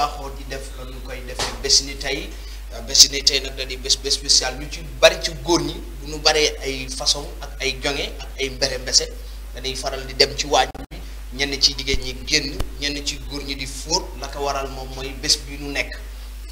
baaxoo di def la ñu koy def bés ni tey euh, bés ni tey nag da di bés bés spécial ñu ci bari ci góor ñi bu ñu baree ay façon ak ay jonge ak ay mbere mbese dañuy faral di dem ci waaj bi ñenn ci jigéen ñi génn ñenn ci góor ñi di fóot la ko waral moom mooy bés bi ñu nekk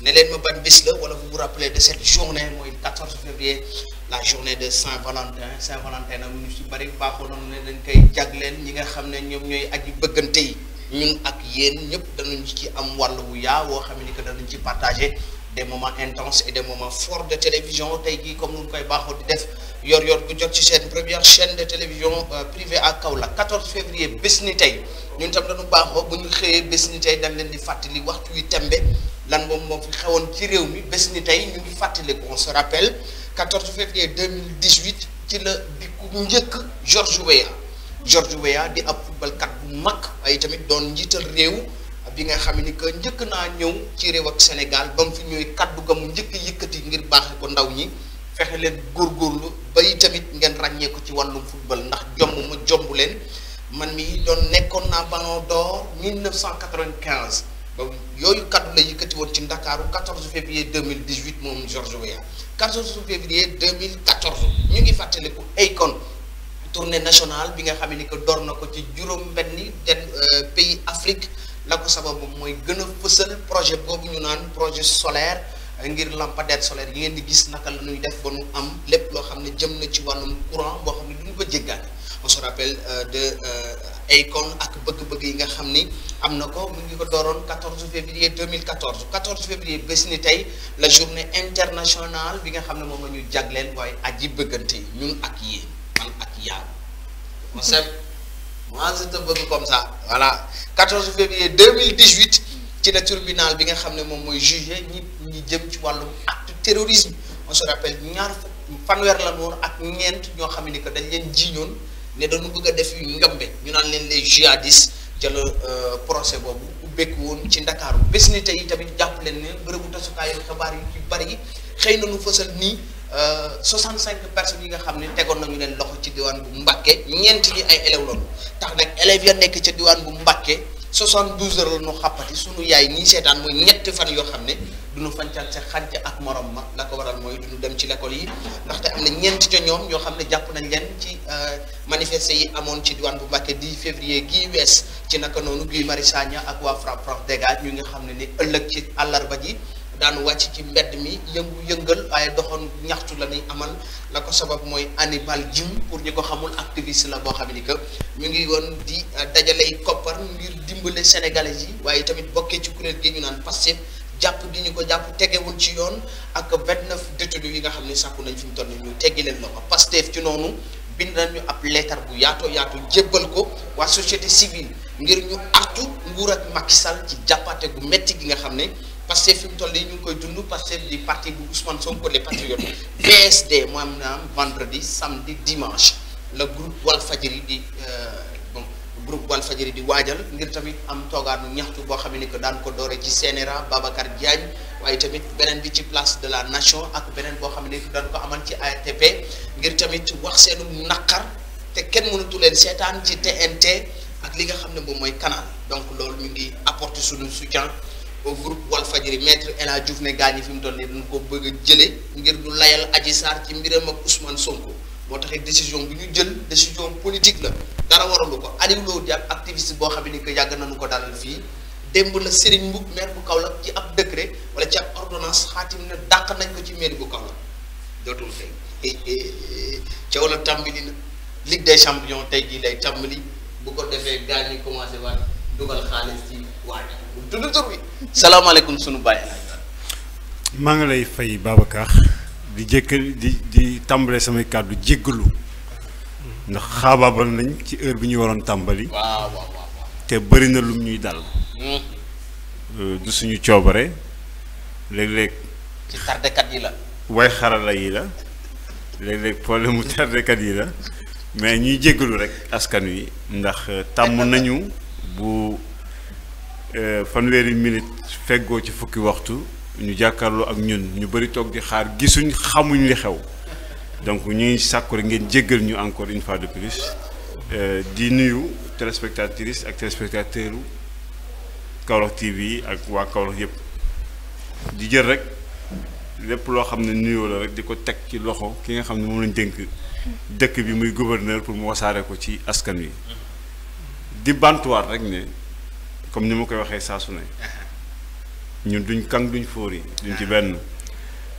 ne leen ma ban bés la wala vous vous rappelez de cette journée mooy 14 février la journée de Saint-Valentin Saint-Valentin nag ñu ci bari baaxoo noonu ne dañ koy jagleen ñi nga xam ne ñoom ñooy aji bëggante yi ñun ak yéen ñep danañ ci am walu bu ya wo xamni que ci partager des moments intenses et des moments forts de télévision tay gi comme nous koy baaxoo di def yor yor bu jot ci seen première chaîne de télévision euh, privée à Kaolack 14 février bés ni allons ñun tam dañu baaxoo bu ñu xëyee bés ni tey dañ leen di fatali waxtu wi tembe lan moom mo fi xewon ci réew mi ni ñu ngi on se rappelle 14 février 2018 ci le di ku njëkk George Weah George Weah di ab footballkat bu mag waaye tamit doon njiital réew bi nga xam ni que njëkk naa ñëw ci réew ak Sénégal ba mu fi ñëwee kaddu ga mu njëkk yëkkati ngir baaxe ko ndaw ñi fexe leen ba bay tamit ngeen ràññee ko ci wàllum football ndax jomb ma jomb leen man mi doon nekkoon naa Ballon d'Or 1995 ba yooyu kaddu la yëkkati woon ci Ndakaaru 14 février 2018 moom George Weah 14 février 2014 ñu ngi fàttaliku Akon tournée nationale bi nga xam ni que door na ko ci juróom-benni den euh, pays Afrique la ko sababu mooy gën a fësal projet boobu ñu naan projet solaire ngir lampadaire solaire yi ngeen di gis naka la ñuy def ba nu am lépp loo xam ne jëm na ci wàllum courant boo xam ne duñu ko jéggaane on se rappelle euh, de euh, Akon ak bëgg-bëgg yi nga xam ni am na ko mu ngi ko dooroon 14 février 2014 14 février bés ni tey la journée internationale bi nga xam ne moom la ñuy jagleen waaye aji bëggante yi ñun ak yéen. man ak yaa on s'aime moi je te bëgg comme ça voilà 14 février 2018 ci la tribunal bi nga xam ne moom mooy jugé ñi ñi jëm ci wàllu acte terrorisme on se rappelle ñaar fanweer la noonu ak ñeent ñoo xam ne que dañ leen jiiñoon ne dañu bëgg a def yu njombe ñu naan leen les jihadistes jëla euh, procès boobu ubbeeku woon ci Ndakaaru bés ni tey tamit jàpp leen ne bërëbu tasukaayu xibaar yu ci bari xëy na nu fësal nii. 65 euh, personnes yi nga xam ne tegoon nañu leen loxo ci diwaan bu Mbàkke ñeent ñi ay élèves loolu tax nag élèves ya nekk ca diwaan bu Mbàkke 72 heures la ñu xàppati suñu yaay ñi seetaan mooy ñetti fan yoo xam ne duñu fancal sa xànc ak morom ma la ko waral mooy duñu dem ci l'école yi ndaxte am na ñeent ca ñoom yoo xam ne jàpp nañ leen ci euh, manifester yi amoon ci diwaan bu Mbàkke 10 février gii wees ci naka noonu Guy Marius Sagna ak waa FRAPP France dégage ñu nga xam ne ni ëllëg ci àllarba ji daan wàcc ci mbedd mi yëngu yëngal waaye doxoon ñaxtu la ñuy amal la ko sabab mooy Hannibal Jim pour ñu ko xamul activiste la boo xam ni que mu ngi woon di euh, dajaley koppar ngir dimbale sénégalais yi waaye tamit bokkee ci kuréel gi ñu naan Pastef jàpp gi ñu ko jàpp tegewul ci yoon ak vingt-neuf détenus yi nga xam ne sàkku nañ fi mu toll ñu teggi leen loxo Pastef ci noonu bind ñu ab leetar bu yaatoo yaatu jébbal ko waa société civile ngir ñu artu nguur ak Macky Sall ci jàppaate gu metti gi nga xam ne parce que fi mu toll yi ñu ngi koy dund parce que di parti bu Ousmane Sonko les patriotes PSD moo am naam vendredi samedi dimanche la groupe Walfadjri di euh, bon groupe Walfadjri di waajal ngir tamit am toogaanu ñaxtu boo xam ne que daan ko doore ci CNRA Babacar Diagne waaye tamit beneen bi ci place de la nation ak beneen boo xam ne daan ko amal ci ARTP ngir tamit wax seenu naqar te kenn mënatu leen seetaan ci TNT ak li nga xam ne moom mooy canal donc loolu ñu ngi apporter suñu soutien. au groupe Walfadjri maître et la Diouf ne gaa ñi fi mu toll nii dañ ko bëgg a jëlee ngir du layal Adji Sarr ci mbiram ak Ousmane Sonko moo taxit décision bi ñu jël décision politique la dara waralu ko Aliou Lo di ab activiste boo xam ni que yàgg nañu ko dalal fii démb la Serigne Mbouck meer bu Kaolack ci ab décret wala ci ab ordonnance xaatim ne dàq nañ ko ci maire bu Kaolack dootul tey eh, eh, eh, coow la tàmbali na Ligue des tey jii lay tàmbali bu ko defee gaa ñi commencé waat dugal xaalis ci tudd tur bi salaamaaleykum sunu bàyyi maa ngi lay fay Babacar di jékk di di tàmbale samay kàddu jéggalu ndax xaabaabal nañ ci heure bi ñuy waroon tàmbali. waaw te bëri na lum ñuy dal. Hmm. Euh, du suñu coobare léeg-léeg. ci tardekat yi la. way xarala yi la léeg-léeg problème mu tardekat yi la mais ñuy jéggalu rek askan wi. ndax euh, tàmm nañu bu. Euh, fanweeri minute feggoo ci fukki waxtu ñu jàkkarloo ak ñun ñu bëri toog di xaar gisuñ xamuñ li xew donc ñu ngi sàkku rek ngeen jéggal ñu encore une fois de plus euh, di nuyu téléspectatrices ak téléspectateurs Kaolack TV ak waa Kaolack yëpp di jël rek lépp loo xam ne nuyoo la rek di ko teg ci loxo ki nga xam ne moom lañ dénk dëkk bi muy gouverneur pour mu wasaare ko ci askan wi di bantuwaat rek ne. comme ni ma koy waxee saa su ñun duñ kang duñ fóori duñ ci ben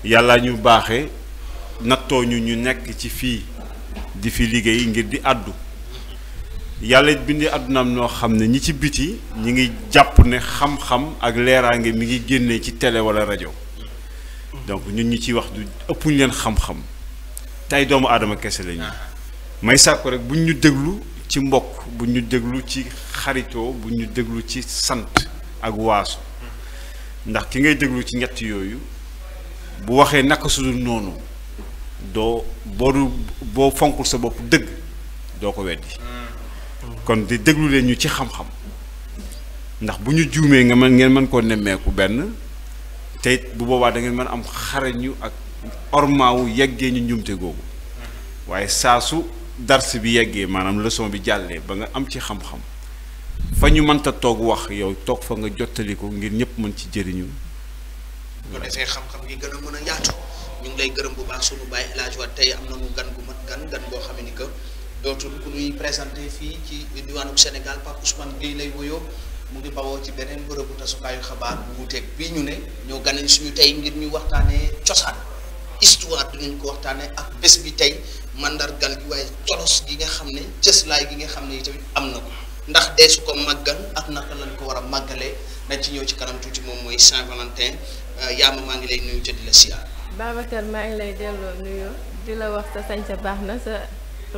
yalla ñu baxé natto ñu ñu nekk ci fi di fi liggéey ngir di addu yalla bindi àddunaam noo xamné ñi ci biti ñi ngi japp né xam-xam ak leeraange mi ngi génné ci télé wala rajo donc ñun ñi ci wax du ëppuñ leen xam-xam tay doomu aadama kese lañu may sàkku rek buñ ñu déglu ci mbokk bu ñu déglu ci xaritoo bu ñu déglu ci sant ak waasu ndax ki ngay déglu ci ñett yooyu bu waxee naka sudul noonu doo boo du boo fonkul sa bopp dëgg doo ko weddi kon di déglu leen ñu ci xam-xam ndax bu ñu juumee nga mën ngeen mën koo nemmeeku benn te bu boobaa dangeen ngeen mën am xarañu ak ormaawu yeggee ñu njuumte googu waaye saasu dars bi yeggee maanaam leçon bi jàllee ba nga am ci xam-xam fa ñu mënta toog wax yow toog fa nga jottali ko ngir ñëpp mën ci jëriñu. bu defee xam gi gën a mën a yaatu ñu ngi lay gërëm bu baax sunu bàyyi El Hadj tey am na mu gan gu mat gan gan boo xam ni que dootul ku ñuy présenté fii ci diwaanu Sénégal Pape Ousmane Gueye lay woyoo mu ngi bawoo ci beneen bërëbu tasukaayu xabaar bu wuuteeg bii ñu ne ñoo ganeen suñu tey ngir ñu waxtaanee cosaan histoire dinañ ko waxtaanee ak bés bi tey. mandargal gi waaye colos gi nga xam ne cëslaay gi nga xam ne itamit am na ko ndax dee su ko màggal ak naka lañ ko war a màggalee dañ ci ñëw ci kanam tuuti moom mooy Saint-Valentin euh, yaama maa ngi lay nuyu te di la siyaar. Babacar maa ngi lay delloo nuyu di la wax sa sañ sa baax na sa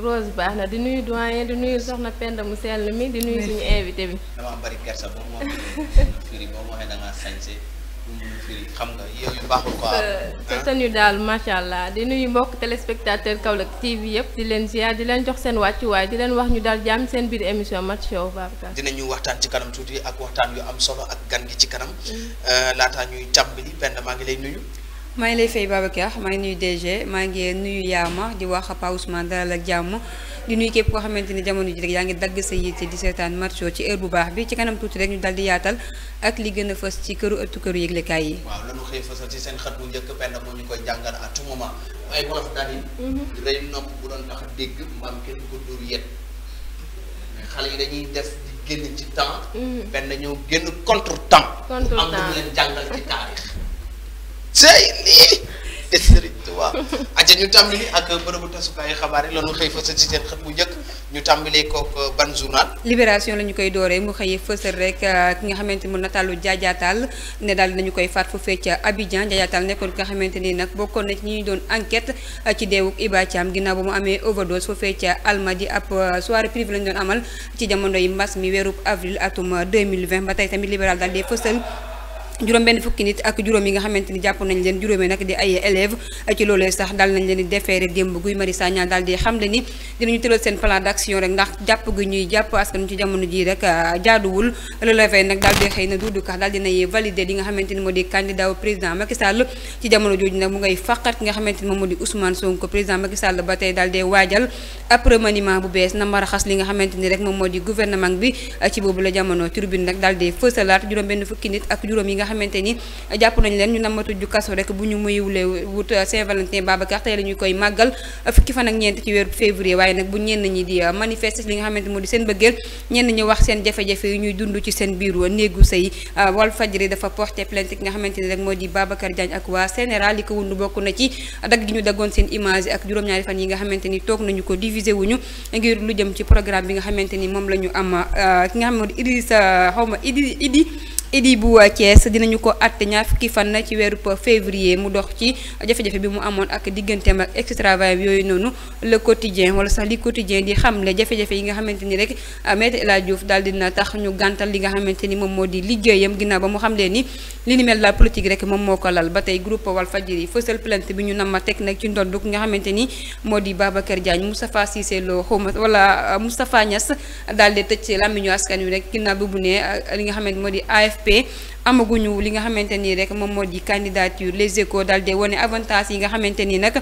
rose baax na di nuyu doyen di nuyu soxna Penda mu sell mi di nuyu suñu invité bi. damaa bari kersa ba mu wax firi boo waxee da ngaa sañse xam nga yow yu baaxul quoi sa tenue daal macha allah di nuyu mbokk téléspectateur Kaolack TV yëpp di leen ziar di leen jox seen wàcc waaye di leen wax ñu daal jàmm seen biir émission match show Babacar ñu waxtaan ci kanam tuuti ak waxtaan yu am solo ak gan gi ci kanam mm. euh, laata ñuy tàmbali benn maa ngi lay nuyu maa ngi lay fay Babacar maa ngi nuyu DG maa ngi nuyu Yaama di wax Pa Ousmane dalal ak jàmm di nuy képp koo xamante ni jamono ji rek yaa ngi dagg sa yitte di seetaan marché ci heure bu baax bi ci kanam tuuti rek ñu dal di yaatal ak li gën a fës ci këru ëttu këru yëglekaay yi. waaw lanu xëy fësal ci seen xat bu njëkk Penda moo ñu koy jàngal à tout moment waaye wolof daal di. Mhm. rey nopp bu doon tax dégg maam kenn ko dóor yet mais xale yi dañuy def di génn ci temps. Mhm. benn ñëw génn contre temps. contre sey lii sëriñ Tuubaa aca ñu tàmbali ak bërëbu tasukaayu xabaar yi lañu xëy fësal ci seen xët bu njëkk ñu tàmbalee kook euh, ban journal libération la ñu koy dooree mu xëyee fësal rek euh, ki nga xamante ni mu nataalu jaajaatal ne daal dinañu koy faat foofee ca Abidjan jaajaatal nekkoon ki nga xamante ni nag bokkoon na ci ñi ñu doon enquête euh, ci deewuk Iba Thiam ginnaaw ba mu amee overdose foofee ca Almadi ab soirée privée la ñu doon amal ci jamono yi mbas mi weerub avril atum 2020 ba tey tamit libéral daal juróom ben fukki nit ak juróom yi nga xamanteni japp jàpp nañ leen juróomee nak di ay élèves ci lolé sax dal nañ leen di demb guuy Guy Marius Sagna daal di xamle ni dinañu tëral seen plan d'action rek ndax japp gu ñuy japp askan ci jamono ji rek ah, jaaduwul le réveil nak dal di xëy na Doudou Ka di dinay valider li nga xamanteni modi candidat au président Macky Sall ci jamono joju nak mu ngay faqat nga xamanteni ni moom Ousmane Sonko président Macky Sall ba tey daal di waajal apremaniment bu bes na mara xass li nga xamanteni rek moom modi gouvernement bi ci bobu la jamono turbine nak dal di fësalaat juróom ben fukki nit ak juróom yi nga xamante ni jàpp nañ leen ñu namatu ju kaso rek bu ñu muyulee wut Saint-Valentin Babacar tey la nga xamante ni rek di Babacar Diagne ak waa Sénéral li ko wund bokk na ci dagg gi ñu daggoon seen image ak juróom-ñaari fan yi nga xamante ni toog nañu ko divisé ngir lu jëm ci programme bi nga xamante ni moom la ñu ki nga xam ne Idrissa xaw ma Idi Idi idi bu Thiès dinañu ko àtte ñaar fukki fan ci weeru février mu dox ci jafe-jafe bi mu amoon ak digganteem ak ex-travail yooyu noonu le quotidien wala sax li quotidien di xamle jafe-jafe yi nga xamante ni rek Maître la Hadji Diouf daal dina tax ñu gàntal li nga xamante ni moom moo di liggéeyam ginnaaw ba mu xamlee ni li ni mel la politique rek moom moo ko lal ba tey groupe Walfadjri fësal plainte bi ñu nam ma teg nag ci ndond ki nga xamante ni moo di Babacar Diagne Moustapha Cissé Lo xawma daal di tëj làmmiñu askan wi rek ginnaaw bu bu ne li nga xamante AFP amaguñu li nga xamante nii rek moom moo di candidature les échos daal di wane avantage yi nga xamante nii nag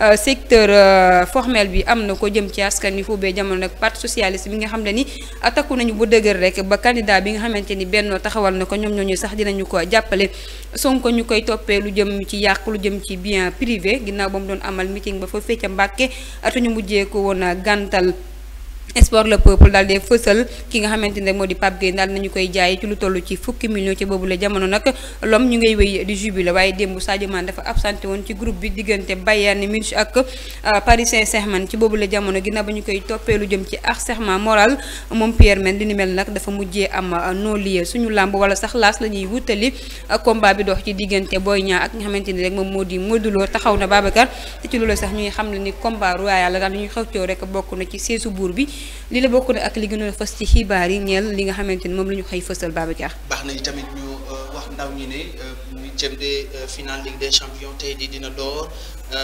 euh, secteur euh, formel bi am na ko jëm ci askan wi foobee jamono nag parti socialiste bi nga xam ni takku nañu bu dëgër rek ba candidat bi nga xamante ni bennoo taxawal na ko ñoom ñoo ñu sax dinañu ko jàppale Sonko ñu koy toppee lu jëm ci yàq lu jëm ci bien privé ginnaaw ba mu doon amal meeting ba fa fecca Mbàkke ata ñu mujjee ko woon gàntal sport le peuple daal di fësal ki nga xamante ne moo di Pape Gueye na nañu koy jaay ci lu toll ci fukki million ci boobu la jamono nag lom ñu ngay wéy di jubile waaye démb Sadio Mané dafa absenté woon ci groupe bi diggante Bayern Munich ak euh, Paris Saint-Germain ci boobu la jamono ginnaaw ba ñu koy toppee lu jëm ci harcèlement moral moom Pierre Mendy li ni mel nag dafa mujjee am euh, non lieu suñu làmb wala sax laas la ñuy wutali euh, combat bi dox ci diggante Boy Niang ak xamante ni rek moom moo di Modou Lo taxaw na Babacar te ci loolu sax ñuy xam ne ni combat royal la daal ñuy xëccoo rek bokk na ci seesu buur bi li la bokk na ak li gënoon a fës ci xibaar yi ñeel li nga xamante ni moom la ñu xëy fësal Babacar. baax na tamit ñu euh, wax ndaw ñi ne huitième euh, de euh, finale Ligue de champions tey di dina door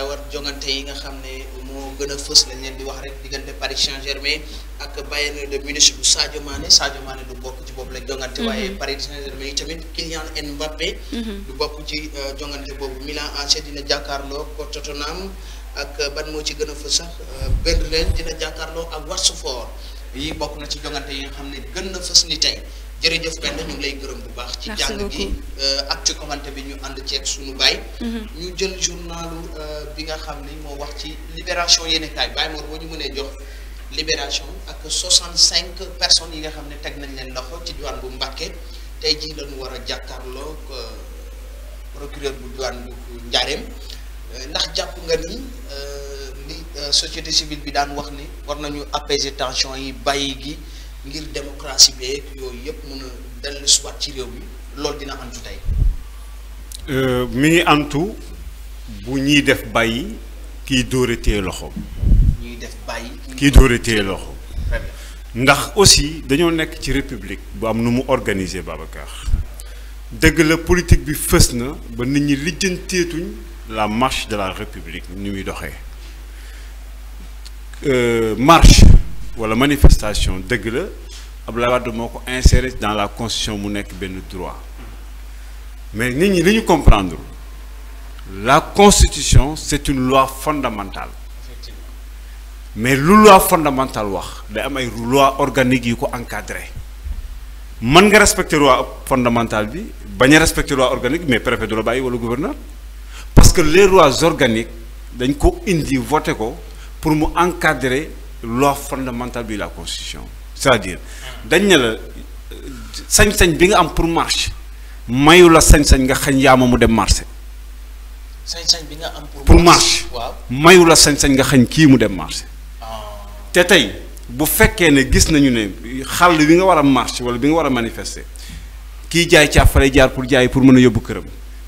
war jongante yi nga xam ne moo gën a fës lañ leen di wax rek diggante Paris Saint-Germain ak Bayern de Munich bu Sadio Mané Sadio Mané du bokk ci boobu la jongante. Mhm. waaye Paris Saint-Germain yi tamit Kylian Mbappé. Mhm. du bokk ci jongante boobu Milan AC dina jàkkaarloo ko Tottenham. ak euh, ban moo ci gën a fës sax euh, benn leen dina jàkkaarloo ak Watford yi bokk na ci jongante yi xam ne gën na fës ni tey jërëjëf benn ñu ngi lay gërëm bu baax. ci jàng gi euh, ak ci commenté bi ñu ànd ceeg suñu baay. Mm-hmm. ñu jël journalu bi nga xam ni moo wax ci libération yenn kaay baay moom boo ñu mënee jox libération ak 65 personnes yi nga xam ne teg nañ leen loxo ci diwaan bu Mbàkke tey jii lañu war a jàkkaarloo procureur bu diwaan bu Njaareem. Euh, ndax japp nga ni ni euh, euh, société civile bi daan wax ni war nañu apaiser tension yi bàyyi gi ngir démocratie beeg yooyu yëpp mën a dellu soit ci réew mi loolu dina am antu tey. mi ngi am tu bu ñuy def bàyyi kiy dóore téye loxo. ñuy def bàyyi. kiy dóore téye loxo. ndax aussi dañoo nekk ci république bu am nu mu organiser Babacar. dëgg la politique bi fës na ba nit ñi lijjanteetuñ la marche de la république ni muy Euh, marche la manifestation dëgg la Abdoulaye Wade moo inséré dans la constitution mu nekk droit mais nous ñi comprendre la constitution c'est une loi fondamentale mais la loi fondamentale c'est une loi organique qui ko encadré Man nga respecter loi fondamentale bi respecte la loi organique mais préfet de la ou le gouverneur parce que les lois organiques dañ ko indi voté ko pour mu encadrer loi fondamental bi la constitution c'est-à-dire dañ ne la sañ-sañ bi nga am pour marche mayu la sañ-sañ nga xañ yaama mu dem marché. sañ-sañ bi nga am pour marche waaw mayu la sañ-sañ nga xañ kii mu dem marché. Ah. te tey bu fekkee ne gis nañu ne xàll bi nga war marche wala bi nga war a manifester kii jaay caafare jaar pour jaay pour mën a yóbbu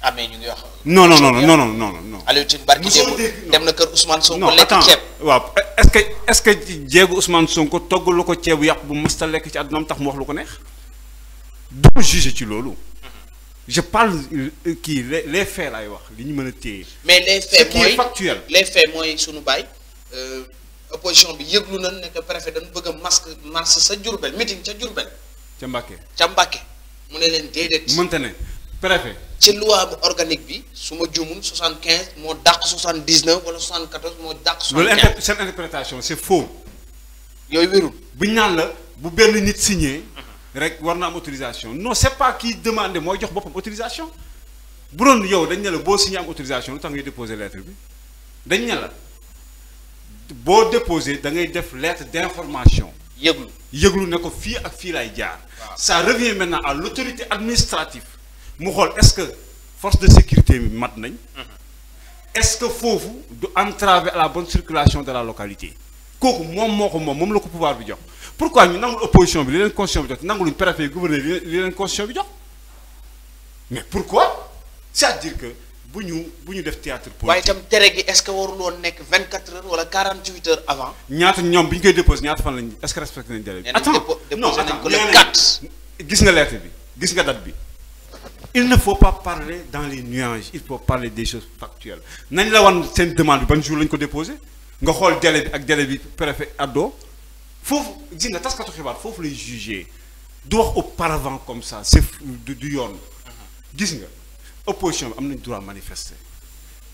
Ah, non non non non non non non. est-ce que est-ce que Ousmane Sonko togg le dire bu lekk ci tax mu wax mhm. je parle qui euh, les faits mais les faits les faits euh, opposition bi préfet masque mars sa meeting préfet ci loi organique bi suma ma 75 soixante quinze 79 soixante dix neuf wala soixante quatorze dak dàq. soixante interprétation c'est faux. yoy wérul bu ñu la bu ben nit signé. rek warna am autorisation non c'est pas qui demande moy jox bopam autorisation bu doon yow dañ ne la boo signé am autorisation lu ngay déposer lettre bi dañ ne la boo déposer da ngay def lettre d'information. Yeglu, yeglu, ne ko fi ak fi lay jaar. ça revient maintenant à l'autorité administrative mu xol est-ce que force de sécurité bi mat nañ est-ce que foofu du entraver à la bonne circulation de la localité kooku moom moo ko moom moom la ko pouvoir bi jox pourquoi ñu nangul opposition bi li leen constitution bi jox nanguluñ préfet gouverneur li leen constitution bi jox mais pourquoi c'est-à-dire que bu ñu bu ñu def théâtre politique waaye itam tere gi est-ce que warul woon nekk 24 heures wala 48 heures avant. ñaata ñoom bi ñu koy déposé ñaata fan lañ est-ce que respecté nañ délai bi. attends non attends gis nga lettre bi gis nga date bi il ne faut pas parler dans les nuages, il faut parler des choses factuelles Nous avons wan demande bi ban jour ko déposé nga avons délai ak délai préfet addo foofu gis Il faut juger. juger. faut juger. wax auparavant comme ça c'est du yonne. gis nga opposition bi am nañ droit manifester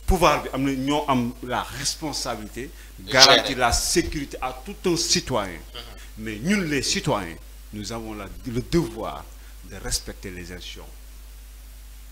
pouvoir bi avons la responsabilité garantir la sécurité à tout un citoyen uh-huh. mais nous, les citoyens nous avons la le devoir de respecter les élections.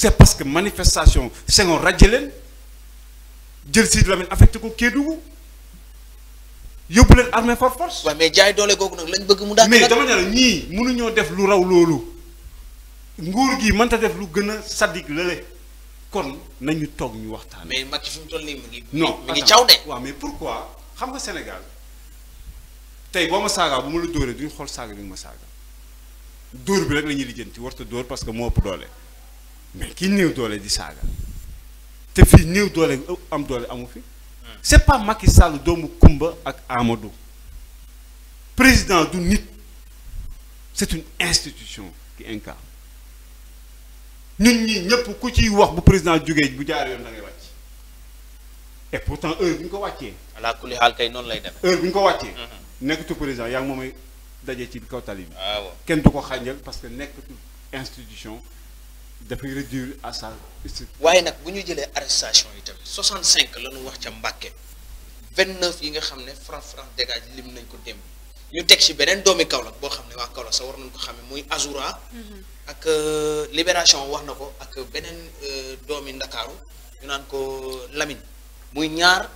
c'est parce que manifestation Senghor ràjje leen jël Sidy Lamine affecté ko kedou yóbbu leen armée par force. waaw mais jaay dole googu nak lañ bëgg mu. dakk mais dama ne ñi mënu ñoo def lu raw lolu nguur gi mënta def lu gëna a lele kon nañu tok ñu waxtaan. mais Macky fi mu toll mu ngi. non mi ngi caw de. waaw mais pourquoi xam nga Sénégal tay boma saga saagaa bu ma la dóoree duñu xool saga bi ma saaga dóor bi rek la ñuy warta dóor parce que moo ëpp doole mais ki néew doole di saaga te fii néew doole am doole amu fi c'est pas Macky Sall doomu Kumba ak Amadou président du nit c'est une institution qui incarne ñun ni ñëpp ku ciy wax bu président jógee bu jaar yoon da ngay wàcc et pourtant heure bi ñu ko wàccee. ala kulli xaal kay noonu lay demee. heure bi ñu ko wàccee. Mhm. nekkatu président yaa ngi moomay daje ci kaw tali bi. tu ah, kenn du ko xànjal parce que nekkatu institution. dafay réduire à waaye nag bu ñu jëlee arrestation yi tamit 65 la ñu wax ca Mbàkke 29 yi nga xam ne franc franc dégage lim nañ ko démb ñu teg ci beneen doomi Kaolack boo xam ne waa Kaolack sa war nañ ko xam ne muy Azoura. Mhm. ak euh, Libération wax na ko ak beneen euh, doomi Ndakaaru ñu naan ko Lamine muy ñaar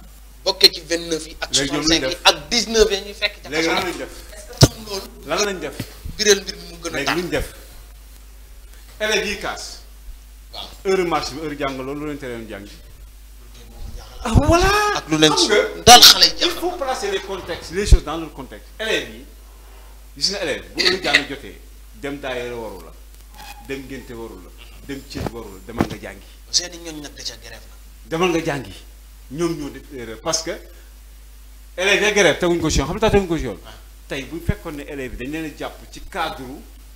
bokkee ci 29 yi. ak 65 yi ak 19 yi ñu fekk. ca kaso léegi lan lañ def. lan lañ def. biral mbir mi mu gën a tax def. élèves est marche heure marché bi heure ah, voilà Dans il faut placer les contextes les choses dans le contexte élèves est gis élèves bu Vous faire jotee dem daayira waru la dem ngénte waru la dem ci waru demal nga jangi seen ca grève nga jangi. ñoo parce que élèves grève teguñ ko si xam ta un ko si ah. tay bu fekkone ne élèves dañ leen cadre.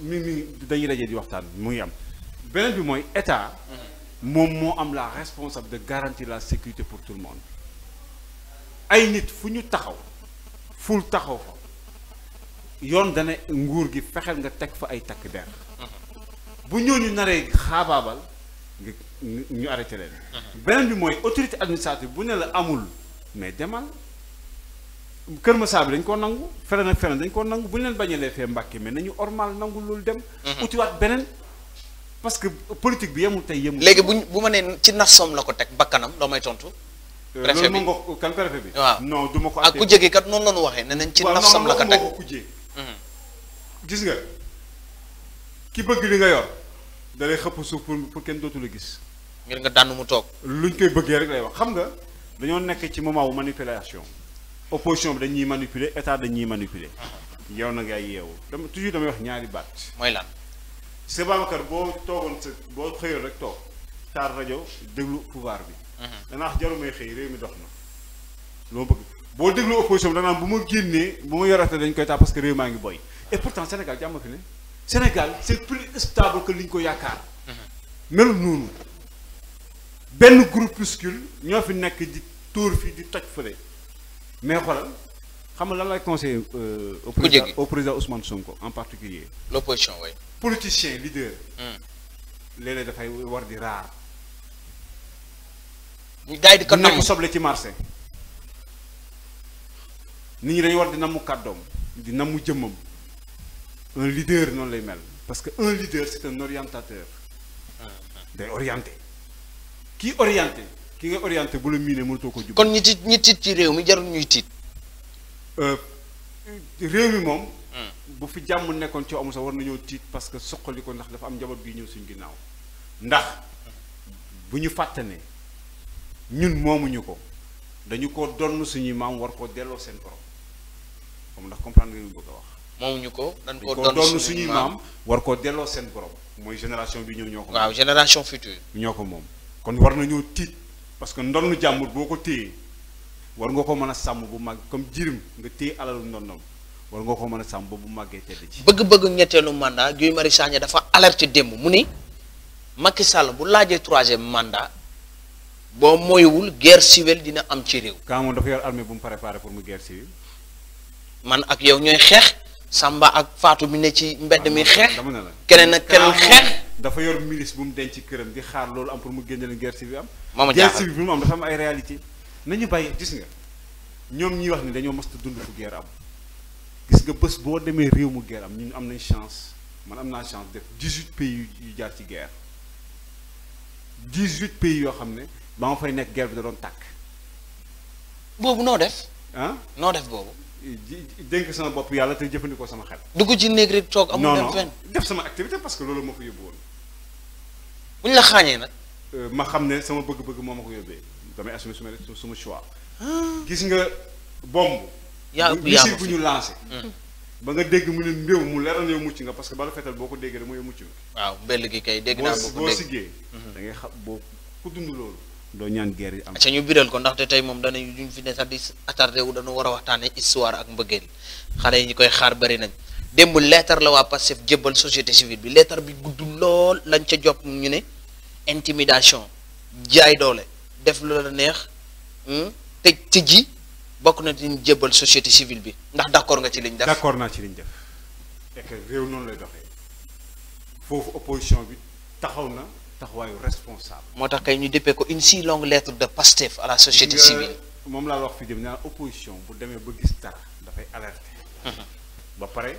mi mi dañuy dajee di waxtaan mu am beneen bi mooy état moom moo am la responsable de garantir la sécurité pour tout le monde ay nit fu ñu taxaw ful taxaw fa yoon dana nguur gi fexel nga tek fa ay takk der bu ñooñu naré xaabaabal nga ñu arrêté len mhm. benen bi moy autorité administrative bu ne la amul mais demal Kër Massar bi dañ ko nangu feneen ak feneen dañ koo nangu bu ñu leen bañalee fee Mbàkke mais nañu ormal nangu loolu dem. Mhm. utiwaat beneen parce que politique bi yemul tey yemul. léegi buñ bu ma nee ci nasoom la ko teg bakkanam loo tontu. Euh, préfet bi loolu moom kan préfet bi. waaw non du ma ko. ak ku jege kat noonu la waxee nee nañ ci nasoom la ko teg mhm. gis nga ki bëgg li nga yor da xëpp suuf pour kenn dootul a gis. ngir nga dànn mu toog. luñ koy bëggee rek lay wax xam nga dañoo nekk ci moment wu opposition bi dañuy manipuler état dañuy manipuler. yow na ngay yeewu dama toujours dama wax ñaari baat. moy lan. Sër Babacar bo togon sa bo xëyoon rek toog taal radio deglu pouvoir bi. Mhm. danaa wax jarul may xëy réew mi dox na. loo bëgg bo deglu opposition da na bu ma génnee bu ma yoratee dañ koy ta parce que rew ma ngi boy et pourtant Sénégal jàmm fi ne Sénégal c'est plus stable que liñ ko yakkar mhm. melu noonu ben groupuscule ñoo fi nekk di tour fi di toj fële mais voilà, je la au président Ousmane Sonko en particulier l'opposition oui. politicien leader. les hmm. léeg un leader non les mêmes. parce que leader c'est un orientateur. Hmm, hmm. orienté qui orienté. ki nga orienté bu la miinee mënatoo ko jub. kon ñi tiit ñi tiit ci réew mi jarul ñuy tiit. Euh, réew mi moom. Hmm. bu fi jàmm nekkoon ci amul sax war nañoo tiit parce que soqali ko ndax dafa am njaboot bi ñëw suñ ginnaaw ndax bu ñu fàtte ne ñun moomuñu ko dañu ko donn suñuy maam war koo delloo seen borom comme ndax comprendre nga li bëgg wax. moomuñu ko dañ ko donn suñuy war koo delloo seen borom. mooy génération bi ñëw ñoo ko. waaw génération future. ñoo ko moom kon war nañoo tiit. parce que ndonn jàmbur boo ko téyee war nga ko mën a sàmm bu mag comme jirim nga téye alalu ndondam war nga ko mën a sàmm ba bu màggee tedd ci bëgg-bëgg ñetteelu mandat Guy Marius Sagna dafa alerté démb mu ni Macky sàll bu laajee troisième mandat boo moywul guerre civile dina am ci réew quand moom dafa yor armée bu mu préparé pour mu guerre civile man ak yow ñooy xeex sàmba ak Fatou bi ne ci mbedd mi ah, xeex keneen ak keneen xeex dafa yor milice bu mu denc këram di xaar loolu am pour mu génne leen guerre civile am. moom guerre civile bi mu am dafa am ay réalité nañu bàyyi gis nga ñoom ñuy wax ni dañoo mës a dund fu ger am gis nga bés boo demee réew mu guerre am ñun am nañ chance man am naa chance def dix-huit pays yu jaar ci guerre dix-huit pays yoo xam ne ba ma fay nekk guerre bi da doon takk boobu noo def. ah noo def boobu. dénk sama bopp yàlla te jëfandikoo sama xel. dugg ci néeg rek toog amul. dem fenn non non def sama activité parce bu ñu la xaañee nag. Euh, ma xam ne sama bëgg-bëgg moo ma ko yóbbee damay assumer suma suma choix. Ah. gis nga bomb. yaa ëpp yaa bu ñu lancé. Hmm. ba nga dégg mu ne mbéw mu leeral yow mucc nga parce que bala fetal boo ko déggee mu yow mucc nga. waaw mbell gi kay dégg naa boo ko dégg boo siggee. Hmm. da xam boo ku dund loolu. doo ñaan guerre yi am. ca ñu biral ko ndaxte tey moom danañu duñ fi ne sa di attardé wu dañu war a waxtaanee histoire ak mbëggeel xale yi ñu koy xaar bari nañ démb lettre la wa Pastef djebal société civile bi lettre bi gudd lol lañ ca djop ñu né intimidation jaay doole def lu la neex ci hmm, ji bokku na diñ djebal société civile bi ndax d'accord nga ci liñ def d'accord na ci liñ def fekk rew noonu lay doxé foofu opposition bi taxaw na taxawaayu responsable motax kay ñu déppee ko une si longue lettre de Pastef à la société civile mom la wax fi jëm naa opposition bu demee ba gis da fay alerter ba paré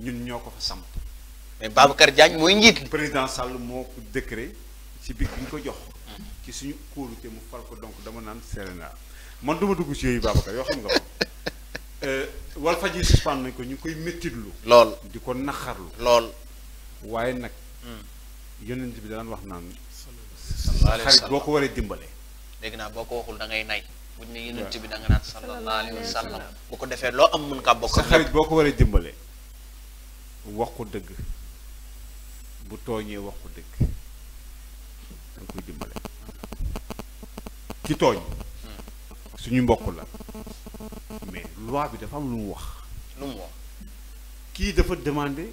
ñun ñoko fa samp mais Babacar Diagne moy njiit président Sall moko décret ci bi ko jox ci suñu kóolute mu fal ko donc dama nan Serena man duma ma dugg si yooyu Babacar yo xam nga euh wal faji suspend nañ ko ñukoy metitlu lol diko naxarlu lol waye nak hmm. yonent bi daan wax nan sallallahu alaihi wasallam waree dimbale dégg naa boo ko waxul da ngay nay buñ ne yonent bi da nga naan sallallahu alaihi wasallam bu ko defee lo am mun ka bokk xarit boko wara dimbalé wax ko dëgg bu togné wax ko dëgg danga koy dimbalé ki togn suñu mbokk la mais loi bi dafa am lu mu wax lu mu wax ki dafa demander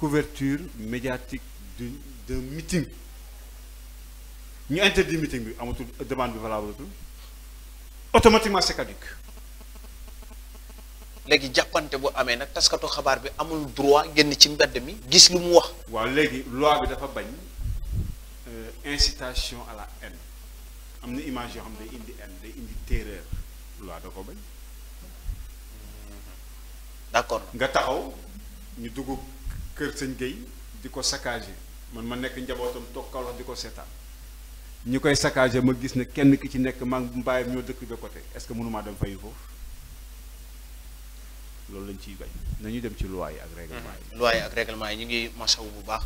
couverture médiatique d'un meeting ñu interdit meeting bi amatul demande bi valable automatiquement c'est caduc léegi jàppante bu amee nag taskatu xabaar bi amul droit génn ci mbedd mi gis lu mu wax. waaw léegi loi bi dafa bañ euh, incitation à la haine am na image yoo xam ne day indi haine day indi terreur loi da ko bañ. Mm-hmm. d'accord nga taxaw ñu dugub kër sëñ Gueye di ko saccagé man ma nekk njabootam toog kaw di ko seetaan. ñu koy saccagé ma gis ne kenn ki ci nekk maa ngi mbaayam ñoo dëkk de côté est-ce que mënumaa dem fayu foofu. loolu lañ ciy bañ nañu dem ci loi yi ak règlement yi. Mm-hmm. loi yi ak règlement yi ñu ngi masawu bu baax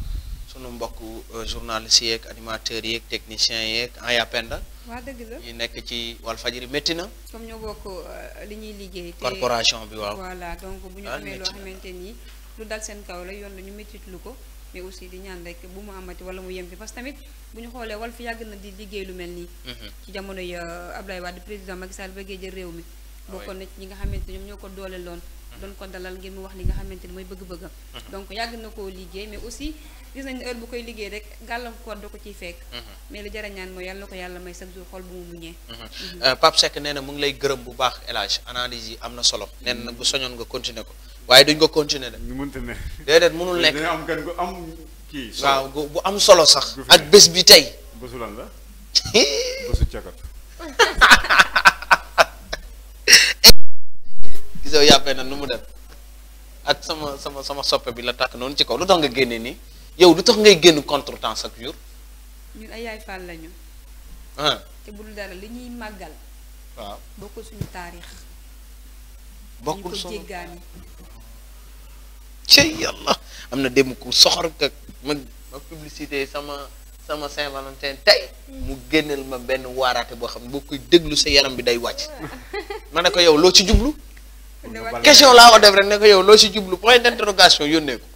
nu mbokk euh, journalistes yeeg animateurs yeeg techniciens yeeg en yapenda. waa dëgg la ñu nekk ci wal Walfadjri métti na. comme ñoo bokk euh, li ñuy liggéey. te corporation bi waaw. voilà donc bu ñu ah, amee loo xamante ni lu dal seen kaw la yoon la ñu méttitlu ko. mais aussi di ñaan rek bu mu amati wala mu yem fi parce que tamit bu ñu xoolee wal fi yàgg na di liggéey lu mel nii. Mm-hmm. ci jamono yi euh, Abdoulaye Wade président Macky Sall jël réew mi. Ah bokkoon na ñi nga xamante ñoom ñoo ko dooleeloon. doon ko dalal ngir mu wax li nga xamante ni mooy bëgg-bëggam mhm. donc yàgg na koo liggéey mais aussi gis nañ ne bu koy liggéey rek gàllankoor da ko ciy fekk mhm. mais li jarañaan mooy yàlla ko yàlla may chaque jour xool bu mu muñee mhm. Euh, Pape Seck nee na mu ngi lay gërëm bu baax El Hadj analyse yi am na solo nee na nag bu soñoon nga continuer ko waaye duñ ko continuer de déedéet mënul nekk am gan gu am waaw bu am solo sax ak bés bi tey bésu lan la bésu cakat gisoo yàppee na numu mu sama sama sama soppe ya, bi la takk ci lu tax nga génne nii yow ya lu tax ngay génn contre temps chaque jour. ñun ay yaay Fall lañu. te bu dul dara li ñuy màggal. waaw bokkul suñu taarix. suñu ci am na ku soxor ma ma publicité sama sama Saint-Valentin tey. Hmm. mu génneel ma benn waaraate ya boo xam ne boo koy déglu sa yaram bi day wàcc. yow ci question laa ko def rek ne ko yow loo si jublu point d'interrogation yónnee ko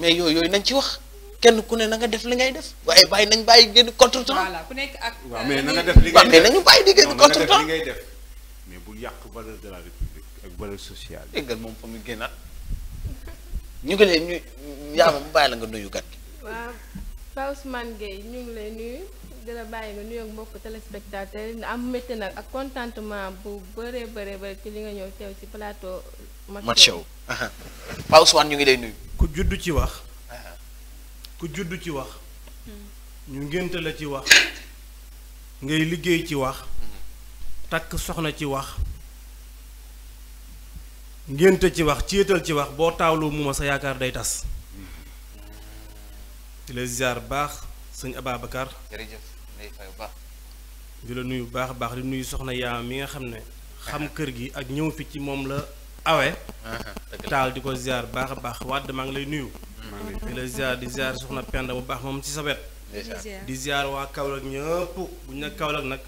mais yooy yooy nañ ci wax kenn ku ne na nga def li ngay def waaye bàyyi nañ bàyyi génn contre temps. voilà ku nekk ak. waaw mais euh, na nga def li ngay def mais nañu bàyyi di génn contre temps mais yàq valeur de la république ak valeur sociale. déggal moom fa mu génnaat ñu ngi leen ñu yaa bu bàyyi la nga nuyu kat. waaw Pa Ousmane Gueye ñu ngi lay nuyu. di la bàyyi nga nuyoog mbokk téléspectateur yi am métti nag ak contentement bu bare bëree bëri ci li nga ñëw teew ci plateau. Mat Show Pa ñu ngi lay nuyu. ku juddu ci wax. ku juddu ci wax. Hmm. ñu ngénte la ci wax. ngay liggéey ci wax. Hmm. takk soxna ci wax. ngénte ci wax céetal ci wax boo taawlu mu ma sa yaakaar day tas. Hmm. di la ziar baax sëñ Ababacar day fay bu baax. di la nuyu baax a baax di nuyu soxna yaa mi nga xam ne. xam uh-huh. kër gi ak ñëw fi ci moom la awe. Uh-huh. taal di ko ziar baax a baax waa maa ngi lay nuyu. di la ziar di ziar soxna Penda bu baax moom ci sa wet. di ziar waa Kaolack ñëpp bu ñu ne Kaolack nag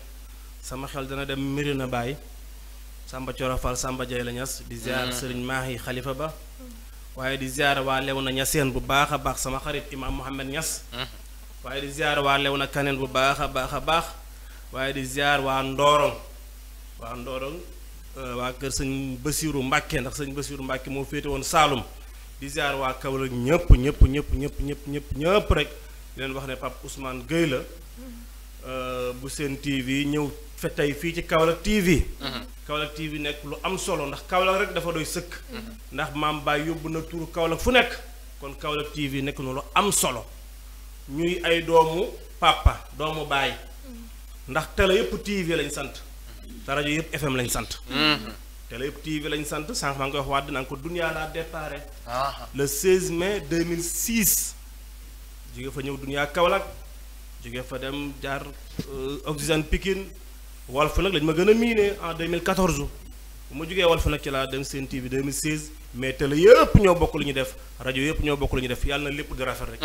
sama xel dana dem Medina Baye. Samba Corofal Samba Jay la ñas di ziar uh-huh. Serigne Mahi Khalifa Ba. waaye di ziar waa Léona Niassène bu baax a baax sama xarit Imam Mohamed ñas waye di ziar wa lew na bu baakha baakha baax waye di ziar waa ndoorong waa ndoorong wa keur seigne basirou Mbàkke ndax seigne basirou Mbàkke mo fete won salum di ziar wa kawla ñepp ñepp ñepp ñepp ñepp ñepp ñepp rek di leen wax ne pap Ousmane Gueye la euh, bu sen TV ñew fe tay fi ci kawla TV mhm. kawla TV nek lu am solo ndax kawla rek dafa doy seuk mhm. ndax mam Baay yobuna tour kawla fu nek kon kawla TV nek lu am solo ñuy ay doomu papa doomu baay ndax télé yëpp TV lañ sant te rajo yëpp FM lañ sant. Mm-hmm. tele yëpp TV lañ sant sànq maa ngi koy wax waat dinaa ko Dunia laa déparé. mais 16 mai 2006. jóge fa ñëw duniyaa Kaolack jóge fa dem jaar euh, Oxygène Pikine Walf nag lañ ma gën a miinee en 2014 bu ma jógee Walf nag ci laa dem seen TV 2016. mais télé yépp ñoo bokku radio ñu def rajo yépp ñoo bokk ñu def na di rafet rek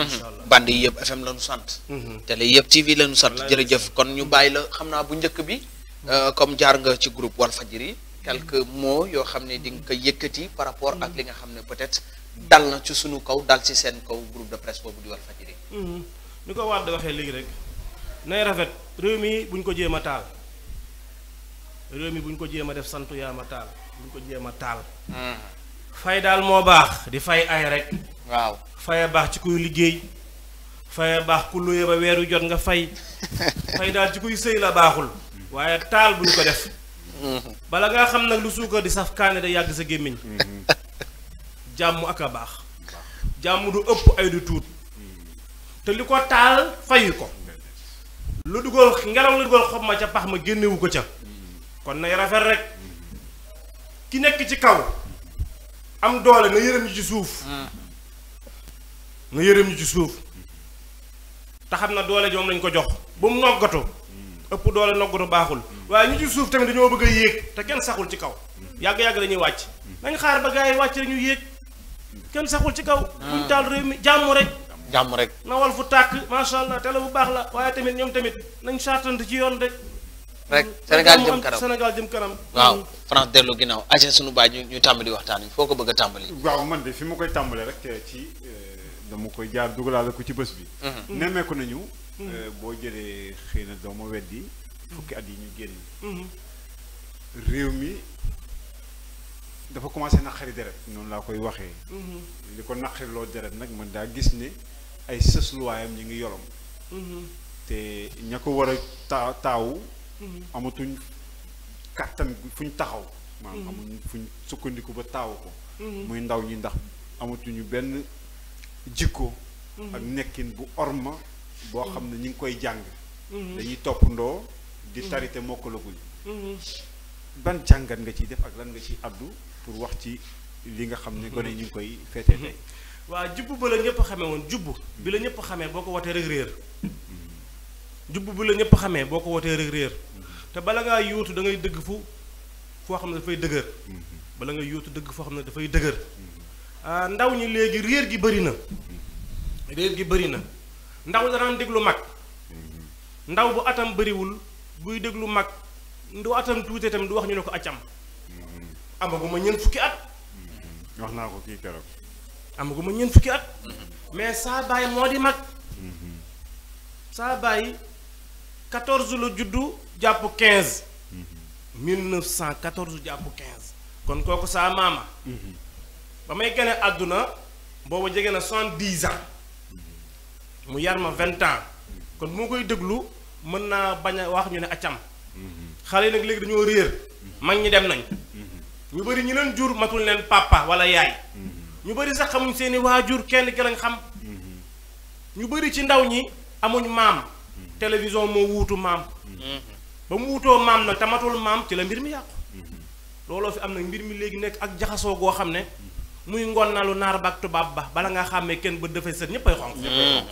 fm mhm. sant mhm. télé tv sant jërëjëf kon ñu bàyyi la xam bu njëkk bi mhm. euh, comme jaar nga ci groupe walfajiri quelques mots yoo xam di nga ko par rapport ak li nga na ci kaw dal ci seen kaw groupe de presse di walfajiri ni ko da waxee rek nay rafet réew mi buñ ko jéem taal réew mi buñ fay daal moo baax di fay ay rek. waaw fay baax ci kuy liggéey. fay baax ku luye ba weeru jot nga fay. fay daal ci kuy sëy la baaxul. waaye taal bu buñ ko def. Mm-hmm. bala nga xam nag lu suukar di saf kaane da yàgg sa gémmiñ. Mm-hmm. jàmm ak a baax. jàmm du ëpp ay du tuut. te li ko taal fayu ko. lu dugal ngelaw lu dugal xob ma ca pax ma génnewu ko ca. Mm-hmm. kon nay rafet rek. ki nekk ci kaw. am doole nga yërëm ñu ci suuf nga yërëm ñu ci suuf te na doole ji lañ ko jox ba mu noggatu ëpp doole noggatu baaxul waaye ñu ci suuf tamit dañoo bëgg a yéeg te kenn saxul ci kaw yàgg-yàgg dañuy wàcc nañ xaar ba gars yi wàcc dañu yéeg kenn saxul ci kaw ah. buñ taal réew mi jàmm rek jàmm rek na wal fu tàkk macha allah tele bu baax la waaye tamit ñoom tamit nañ saatante ci yoon de rek Sénégal jëm kanam Sénégal jëm kanam. waaw France dellu ginnaaw agent suñu baay ñu ñu tàmbali waxtaan wi foo ko bëgg a tàmbali. waaw man de fi ma koy tàmbalee rek eh, ci eh, dama koy jaar dugalaale ko ci bés bi. Mhm. nemmeeku nañu. Mhm. Eh, boo jëlee xëy na doo ma weddi mhm. fukki at yi ñu génn. réew mi dafa commencé naqari deret noonu laa koy waxee. li ko naqariloo deret nag man daa gis ne ay sësluwaayam ñu ngi yolom te ña ko war a taa taawu. Mhm. amatuñ kàttan fu ñu taxaw maanaam mhm. amuñ fu ñu sukkandiku ba taawu ko mhm. muy ndaw ñi ndax amatuñu benn jikko ak nekkin bu orma boo xam ne ñu ngi koy jàng dañuy toppandoo di tarite mokkalaguñ ban jàngat nga ciy def ak lan nga ciy addu pour wax ci li nga xam ne gone ñu ngi koy feetee tey waaw jubbu ba la ñëpp xamee woon jubbu bi la ñëpp xamee boo ko watee rek réer Jupu bu la ñepp xamé boko woté wootee rek réer te bala nga yootu da ngay dëgg fu foo xamné da fay dëgër bala nga yootu dëgg foo xam ne dafay dëgër ah, ndaw ñi légui rër gi bari na rër gi bari na ndaw danaan déglu mag ndaw bu atam wul buy déglu mag ndu atam tuute tam du wax ñu ko acam amaguma ñeent fukki at wax na ko kii keroog fukki at mais sa baay modi di mag mhm. sabai 14 la juddu jàpp 15. 1914 jàpp 15. kon kooku saa maama. ba may gën àdduna boobu jege na 70 ans. mu yar ma vingt ans. kon bu ma koy déglu mën naa bañ a wax ñu ne acam. xale yi nag léegi dañoo réer. mag ñi dem nañ. ñu bëri ñi leen jur matul leen papa wala yaay. ñu bëri sax xamuñ seeni waajur kenn ki lañ xam. ñu bëri ci ndaw ñi amuñ maam. télévision moo wuutu maam mm-hmm. ba mu wuutoo maam nag tamatul maam ci la mbir mi yàqu mm-hmm. looloo fi am nag mbir mi léegi nekk ak jaxasoo goo xam ne mm-hmm. muy ngoon na naar ba ak tubaab ba bala nga xàmmee kenn ba dafay sët ñépp ay xonq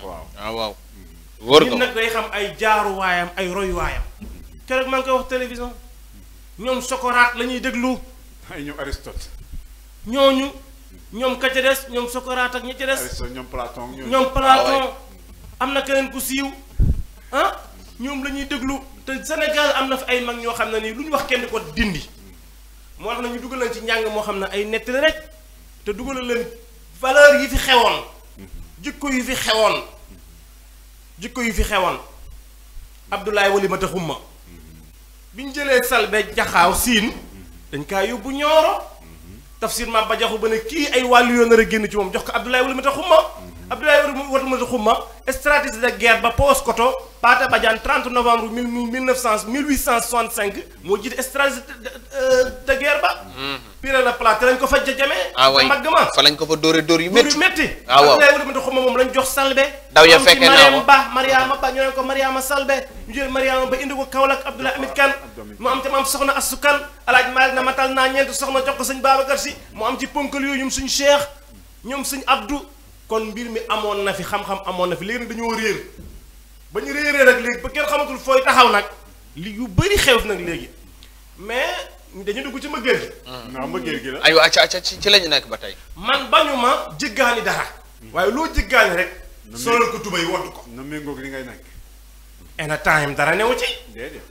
waaw ah, waaw wër nag day xam ay jaaruwaayam ay royuwaayam maa ngi koy wax télévision ñoom Socrate la déglu ay ñoom Aristote des ñoom Socrate ak ña ca des ñoom Platon ah, am na keneen ku siiw ah ñoom lañuy ñuy déglu te senegal am na fi ay mag ñoo xam ne nii lu ñu wax kenn ko dindi moo tax na ñu dugal ci njàng moo xam ne ay nettali rek te dugal leen valeur yi fi xewoon jikko yu fi xewoon jikko yu fi xewoon Abdoulaye Walimata Xumma bi ñu jëlee Salbe Jaxaaw Siin dañ kaa yóbbu Ñooro tafsir Maba Jaxu ba ne kii ay wàllu yoon nar a génn ci moom jox ko Abdoulaye Walimata Xumma Abdoulaye Wade Moussa Xumma stratégie de guerre ba Paos Koto Pata Badiane 30 novembre 1900 1865 moo jiite stratégie de euh, guerre ba. Mm-hmm. Pire la Plate lañ ko fa jamee. ah waay fa lañ ko fa dóoree dóor yu métti dóor yu métti. ah waaw Abdoulaye Wade Moussa Xumma moom lañ jox Salbe. daw ya fekkee naa ko am ci Mariama Ba Mariama Ba ñu ne ko Mariama Salbe ñu jël Mariama Ba indi ko Kaolack Abdoulaye Amit Kane mu am tam am soxna alaaj Malick na matal naa ñeent soxna jox ko sëñ Babacar Si mu am ci ponkal ñoom suñu Cheikh ñoom kon mbir mi amoon na fi xam-xam amoon na fi léegi nag dañoo réer ba ñu réeree nag léegi ba kenn xamatul fooy taxaw nag li yu bëri xew nag léegi mais dañu dugg ci mbëggeel gi. waaw ah. mbëggeel gi la. aywa ca ci la ñu nekk ba tey. man bañu ma jéggaani dara. waaye loo jéggaani rek. solal ko tubéy woddu ko. na méngoog li ngay nekk. en a time dara newu ci. déedéet.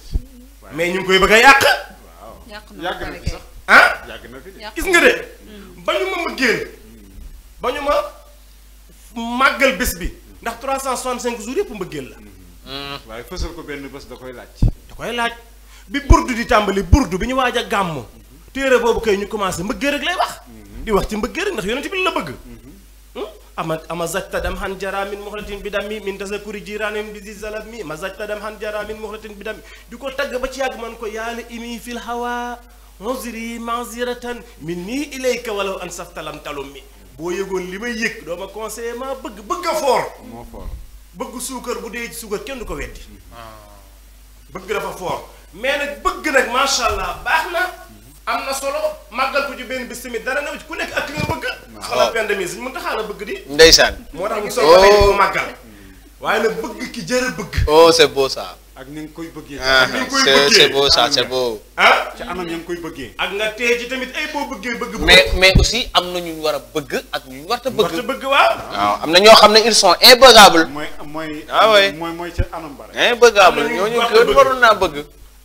mais ñu ngi koy bëgg a yàq. waaw yàgg ah? yàgg na fi gis nga de. bañu ma mbëggeel. Hmm. bañu màggal bés bi ndax 365 jours yëpp mbëggeel la. Mm-hmm. waaye fësal ko benn bés da koy laaj. da koy laaj bi burdu di tàmbali burdu bi ñu waaj a gàmm. Mm-hmm. téere boobu kay ñu commencé mbëggeel rek lay wax. Mm-hmm. di wax ci mbëggeel rek ndax yonent bi la bëgg. Hmm? ama ama zajta dam xan jara min muxlatin bi dam mi min tasakuri jiraanin bi di zalab mi ma zajta dam xan jara min muxlatin bi dam mi di ko tagg ba ci yàgg man ko yàlla imi fil hawa mosiri manziratan min mi boo yëgoon li may yëg doo ma conseillé maa bëgg bëgg a foor moo foor bëgg suukar bu dee ci suukar kenn du ko weddi ah. bëgg dafa foor mais nag bëgg nag macha allah baax na am na solo màggal ko ci benn bis tamit dara na ci ku nekk ak li nga bëgg xoolal benn mi suñ mën taxaala bëgg di ndeysaan moo tax mu solo oh. màggal waaye nag bëgg ki jër bëgg oh c'est beau ça ak ni nga koy bëggee. ah nga koy bëggee c'est beau ça c'est ah ci anam ya nga koy bëggee. ak nga tee ci tamit ay boo bëggee bëgg. mais mais aussi am na ñu war a bëgg ak ñu war a bëgg. war a bëgg waaw. am na ñoo xam ne ils sont imbëggables. mooy mooy. ah oui mooy mooy ca anam ba rek. imbëggables ñooñu kenn naa bëgg.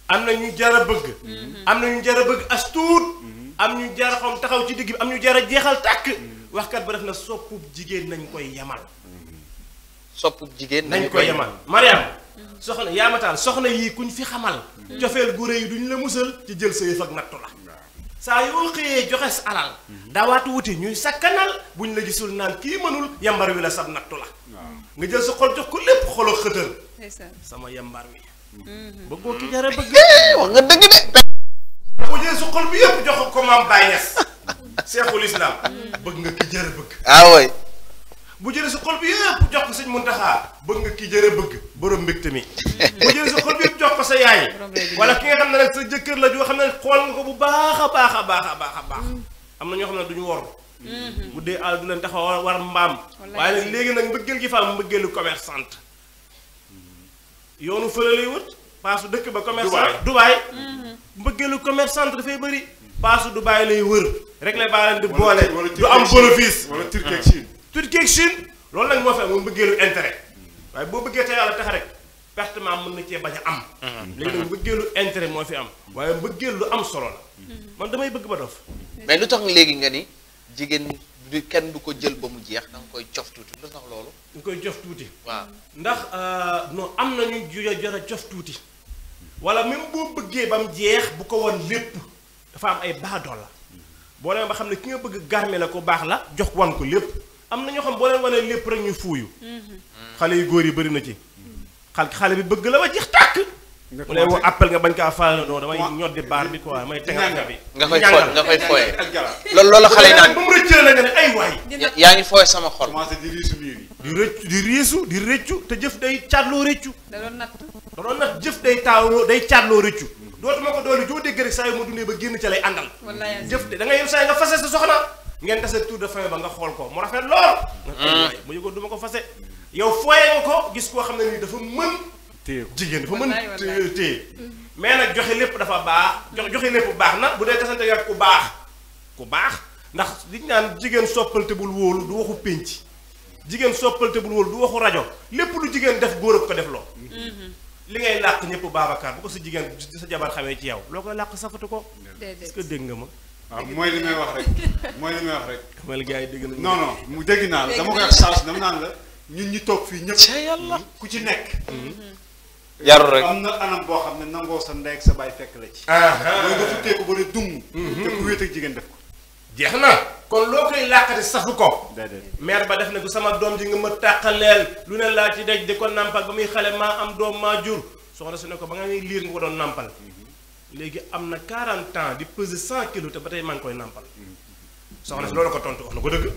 am na ñu jar a bëgg. Mm-hmm. am na ñu jar a bëgg as tuut. Mm-hmm. am ñu jar a xom taxaw ci digg bi am ñu jar a jeexal tàkk. Mm-hmm. waxkat ba def na soppub jigéen nañ koy yamal. soppub jigéen nañ koy yamal Mariam soxna yaamataan soxna yii kuñ fi xamal cofeel gu rëy duñ la musal ci jël sa yëf ak nattu la saa yoo xëyee joxes alal dawaatu wuti ñuy bu buñ la gisul naan kii mënul yambar wi la sab nattu la nga jël sa xol jox ko lépp xolo xëtër sama yambar wi mm-hmm. bëggoo ki a bëgg eh, wax nga dëgg de boo jël sa xol bi yëpp jox ko maam Baye seexul islam mm-hmm. bëgg nga ki jara bëgg ah, bu jëlee sa xol bi yëpp jox ko sëñ Muntaxa bëgg nga kii jërë bëgg borom mbégte mi bu jëlee sa xol bi yëpp jox ko sa yaay wala ki nga xam ne nag sa jëkkër la joo xam ne xool nga ko bu baax a baax a baax a baax a baax mm. am na ñoo xam ne duñu wor mm-hmm. bu dee àll du leen war mbaam waaye nag léegi nag mbëggeel gi faam mbëggeelu commerçante yoonu fële lay wut paasu dëkk ba commerçant Dubaay mm-hmm. mbëggeelu commerçante dafay bëri paasu Dubaay lay wër rek la baa leen di boole du am bénéfice wala Turquie protection loolu nag moo fi am moom bëggeelu intérêt waaye boo bëggee te yàlla tax rek pertement mën na cee bañ a am mm-hmm. léegi nag bëggeelu intérêt moo fi am waaye mbëggeel lu am solo la mm-hmm. man damay bëgg ba dof mais lu tax léegi nga ni jigéen du kenn du ko jël ba mu jeex da nga koy cof tuuti lu tax loolu nga koy cof tuuti waaw ndax euh, non am nañu jora cof tuuti wala même boo bëggee ba mu jeex bu ko woon lépp dafa am ay baadoo la boo demee ba xam ne ki nga bëgg garme la ko baax la jox wan ko lépp am na ñoo xam boo leen wanee lépp rek ñu fuuyu xale yu góor yi bëri na ci xal xale bi bëgg la ba jeex tàkk mu lay woo appel nga bañ kaa faale doo damay ñoddi baar bi quoi may tegaanga bi nga fay fooy nga fay fooye loolu loolu xale yi naan ba mu rëccee la nga ne ay waay yaa ngi fooye sama xol di riisu di rëccu di riisu di rëccu te jëf day da doon nag jëf day taawloo day caatloo rëccu dootuma ko dooli joo dégg rek saa yu ma ba génn ca lay àndal jëf de da nga saa yi nga fase sa soxna ngeen dese tour de fin ba nga xool ko mu rafet lool. Ah. nga mu yëgoon du ma ko fase yow fooyee ko gis koo xam ne nii dafa mën. téye jigéen dafa mën téye mm-hmm. mais nag joxe lépp dafa baax joxe lépp baax na bu dee tasante nga ku baax ku baax ndax li naan jigéen soppal te bul wóolu du waxu pinc jigéen soppal te bul wóolu du waxu rajo lépp lu jigéen def góor ak ko def loo. Mm-hmm. li ngay làq ñëpp Babacar bu ko sa jigéen sa jabar xamee ci yow loo koy làq safatu ko. est-ce que dégg nga ma. waaw ah, mooy li may wax rek mooy li may wax rek. xamal gars yi dégg nañu non mu dégg naa la dama koy wax saa dama naan la ñun ñi toog fii ñëpp. ca yàlla ku ci nekk. Mm-hmm. yarul rek am na anam boo xam ne nangoo sa ndey ak sa baay fekk la ci. Ah, ah. mooy nga futteeku ba ne mm-hmm. jigéen def ko. jeex na kon loo koy làqati saxu ko. mère ba def na ko sama doom ji nga ma tàqaleel lu ne laa ci daj di ko nàmpal ba muy xale maa am doom maa jur soxna su ne ko ba nga liir nga ko doon nàmpal. léegi am na 40 ans di peser 100 kilos te ba tey maa ngi koy nàmpal. soxna si loolu ko tontu wax na ko dëgg.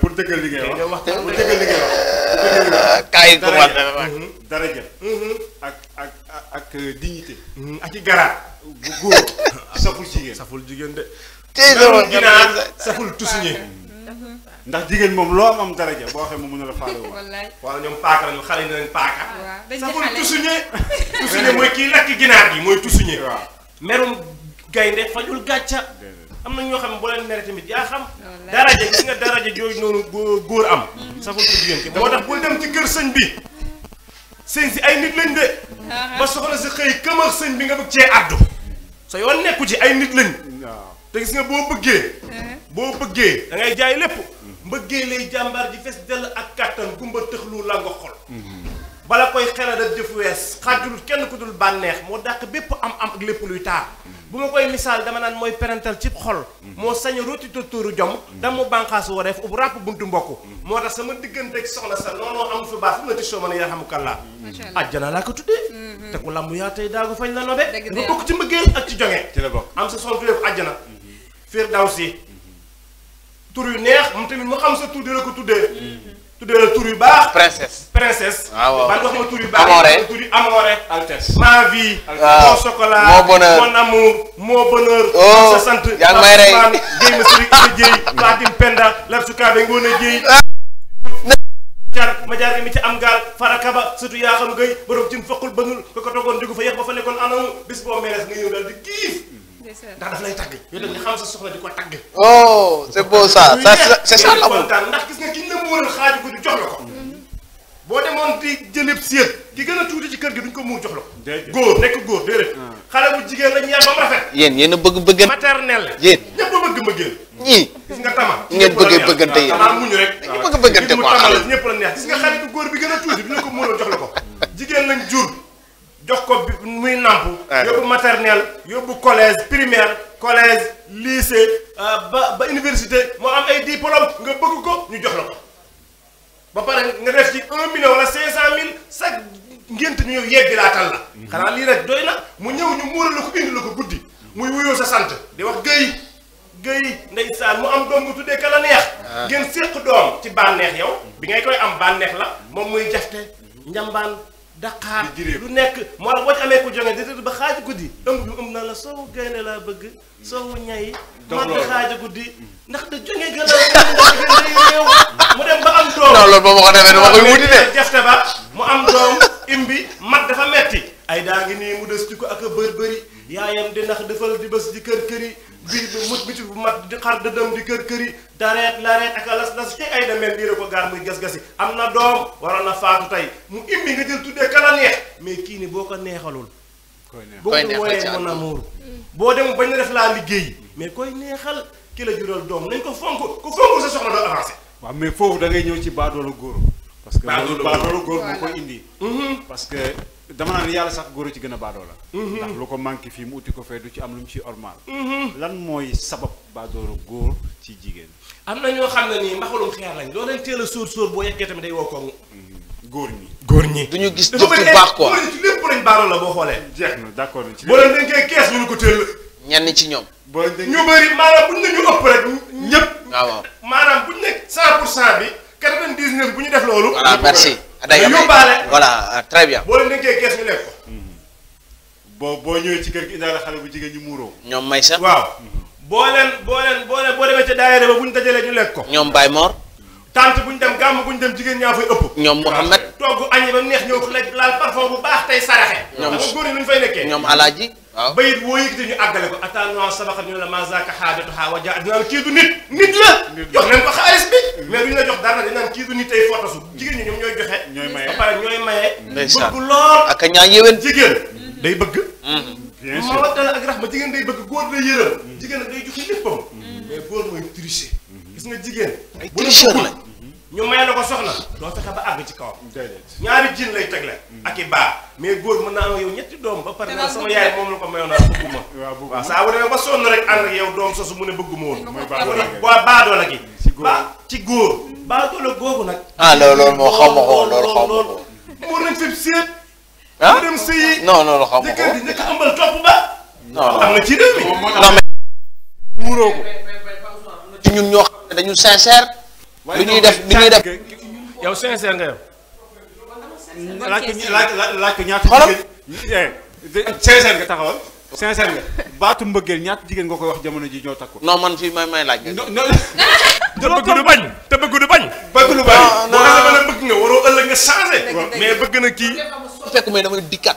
pour dëggal li ngay wax pour dëggal li ngay wax. kaay commencé na dara jël mm-hmm. ak ak ak dignité. Mm-hmm. i garaat. bu góor saful jigéen saful jigéen de. tey saful tusuñe mm-hmm. ndax jigéen moom loo am am daraja boo xamee mu mën a la faale woon. wallaay waaw ñoom paaka lañu xale yi ne leen paaka. saful tusuñe. tusuñe mooy kii lakk ginaar gi mooy tusuñe waaw. merum gaynde fajul gàcca amna na xam bo boo leen mere tamit ya xam daraja gis nga daraja jooju nonu goor am sa fa jigéen ki moo tax bul dem ci keur señ bi señ si ay nit lañ de uh-huh. ba soxla ci xey këmax señ bi nga bëgg ci addu sa yoon neeku ci ay nit lañ te gis nga bo bëggee uh-huh. bo bëggee da ngay jaay lepp mbëggee lay jambar ji fess del ak katan gumba tëxlu la nga xol mhm. bala koy xelal ak jëf wees xàjjul kenn ku dul bànneex moo dàq bépp am am ak lépp luy taar bu ma koy misaal dama naan mooy perental ci xol moo sañ a tur jom dam mu bànqaasu wareef ub mbokk moo tax sama diggante ak sa noonoo amu fi baax fu na tisoo a yarhamukallah ajjana laa ko tuddee mhm. te ku lamb yaa tey daagu fañ la nobe nga bokk ci mbëggeel ak ci am sa son tuddee ko ajjana fiir daw si tur yu neex moom tamit mu am sa tur di la ko tuddee mhm. tuddee la tur yu baax. princesse princesse. Ah, waaw waaw man wax ma tur baax. amoore tur yu ma vie. waaw mon bonheur mon bonheur. oh sa sant yaa ngi may rey maa ngi maan Guèye Masary Ibou Dieye. Fatim Penda Lapsu ma jaar mi ci am gaal farakaba surtout yaa xam gëy borom ci mu foqul bënul ko ko toogoon jógu fa ba fa nekkoon anamu bis boo meeres nga ñëw daal di kiif. ndax daf lay tàgg yow tamit nga xam sa soxla di ko tàgg oh c'est beau ça ça c'est la amul ndax gis nga kiñ la mu wër xaaju guddi jox la ko mm-hmm. boo demoon di jëlëb séet ki gën a tuuti ci kër gi duñ ko muur jox la ko nekk góor déedéet ah. bu jigéen lañ yar ba mu yéen yéen a bëgg bëggan maternel yéen ñëpp a bëgg mbëggeel ñii gis nga tama ngeen bëgg bëggante yéen tama muñu rek dañu bëgg bëggante quoi la neex gis nga xale bu góor bi gën a tuuti duñ ko muuroo jox la ko jigéen lañ jur jox ko bi muy namp eh. yóbbu maternelle yóbbu collège primaire collège lycée euh, ba ba université moo am ay diplôme nga bëgg ko ñu jox la ko ba pare nga def ci un million wala cinq cent mille chaque ngént ñu yebbi laatal la xanaa lii rek doy na mu ñëw ñu muura la ko indi la ko guddi muy wuyoo sa sant di wax géy géy ndeysaan mu am doom bu tuddee ka la neex ah. ngeen séq doom ci bànneex yow bi ngay koy am bànneex la moom muy jafte njambaan daqaar lu nekk moo tax boo ci amee ku jonge di tëdd ba xaaju guddi ëmb bi ëmb na la soowu gaynde laa bëgg soowu ñayi guddi ndax da jonge gën a mu dem ba am doom loolu ba ma ko defee dama koy wuti de jefte ba mu am doom imbi mag dafa metti ay daa ngi nii mu des ci ko ak bër bëri yaayam di nax defal di bes di kër këri bi bi mut bi ci bu mat di xar de dem di kër këri dareet lareet ak alas las ci ay demel lii ko gar muy gas-gasi amna dom doom na faatu tay mu imbi nga jël tuddé kala neex mais ki ni boko neexalul koy neex koy neex mon amour bo dem bañ def la liggéey mais koy neexal ki la jural dom nañ ko fonk ko fonk sa soxna do avancer wa mais fofu da ngay ñew ci baadoolu góor parce que baadoolu góor moo ko indi mhm. parce que dama naan yàlla sax góor ci gën a baadoo la mhm. ndax lu ko manqué fii mu uti ko fee ci am lu mu ciy ormaal mhm. lan mooy sabab baadoolo góor ci jigéen am na ñoo xam ne nii mbaxalum xeer lañ doo leen teel a sóor sóor boo yeggee tamit day woo mhm. góor ñi góor ñi duñu gis jëf bu baax quoi lépp lañ boo xoolee jeex na d'accord ci boo leen dénkee ko teel ñenn ci ñoom ñu bëri maanaam buñ ne ñu ëpp rek ñëpp ah, waaw maanaam buñ nekk cent pour cent bi quatre vingt dix bu ñu def loolu voilà merci day am voilà ah, très bien. boo leen nekkee kees ñu lekk ko. boo boo ñëwee ci kër gi indaale xale bu jigéen ñi muuroo. ñoom may sax waaw. boo leen boo leen boo leen boo demee ca daayira ba bu ñu dajalee ñu lekk ko. ñoom Baye Mor. tante bu ñu dem gàmm bu ñu dem jigéen ñaa fay ëpp. ñoom Mouhamed. togg añi ba mu neex ñëw laal parfum bu baax tey saraxe. ñoom góor yi nu ñu fay nekkee. ñoom Alaaji. waaw bayit woo yëkkati ñu àggale ko attannoa sabaxat ñu ne la ma zaka xaadatuha waja dinaa kii du nit nit la jox leen ko xaalis bi mm. mais duñu jox dara dañ naan kii du nit tey fotasu jigéen ñi ñoom ñooy joxe ñooy maye ba pare ñooy maye bëgg lool ak ñaa yéwén jigéen mm. day bëgg mm. bien sûr moo dala ak ma jigéen day bëgg góor day yërëm jigéen day joxe léppam mais góor mooy tricher gis nga jigéen ay tricheur la ñu may la ko soxna doo fexe ba àgg ci kawam. ñaari jin lay tegle. ak i baa mais góor mën naa am yow ñetti doom ba pare na sama yaay moom la ko mayoon naa bëgguma. waaw saa bu demee ba sonn rek ànd ak yow doom sosu mu ne bëgguma woon. mooy baadoola gi ba ci góor baadoola googu nag. ah loolu moo xaw ma ko loolu xaw ma ko. mu nañ fi seet. ah mu dem sëyi. non loolu xaw ma ko jëkkër ji njëkk a ëmbal topp ba. non am na ci réew mi. non mais. muuroo ko. ci ñun ñoo xam ne dañu sincère lu ñuy def lu ñuy def. yow sincère nga yow. laaj ko laaj ko ñaata. xoolal eh, sincère nga taxawal. sincère nga baatu mbëggeel ñaata jigéen nga koy wax jamono ji ñoo takku. non man fii may may laaj nga. non te bëgg du bañ te bëgg du bañ. bëgg du bañ boo xam ëllëg nga changé. mais bëgg na kii. fekk mais damay dikkaat.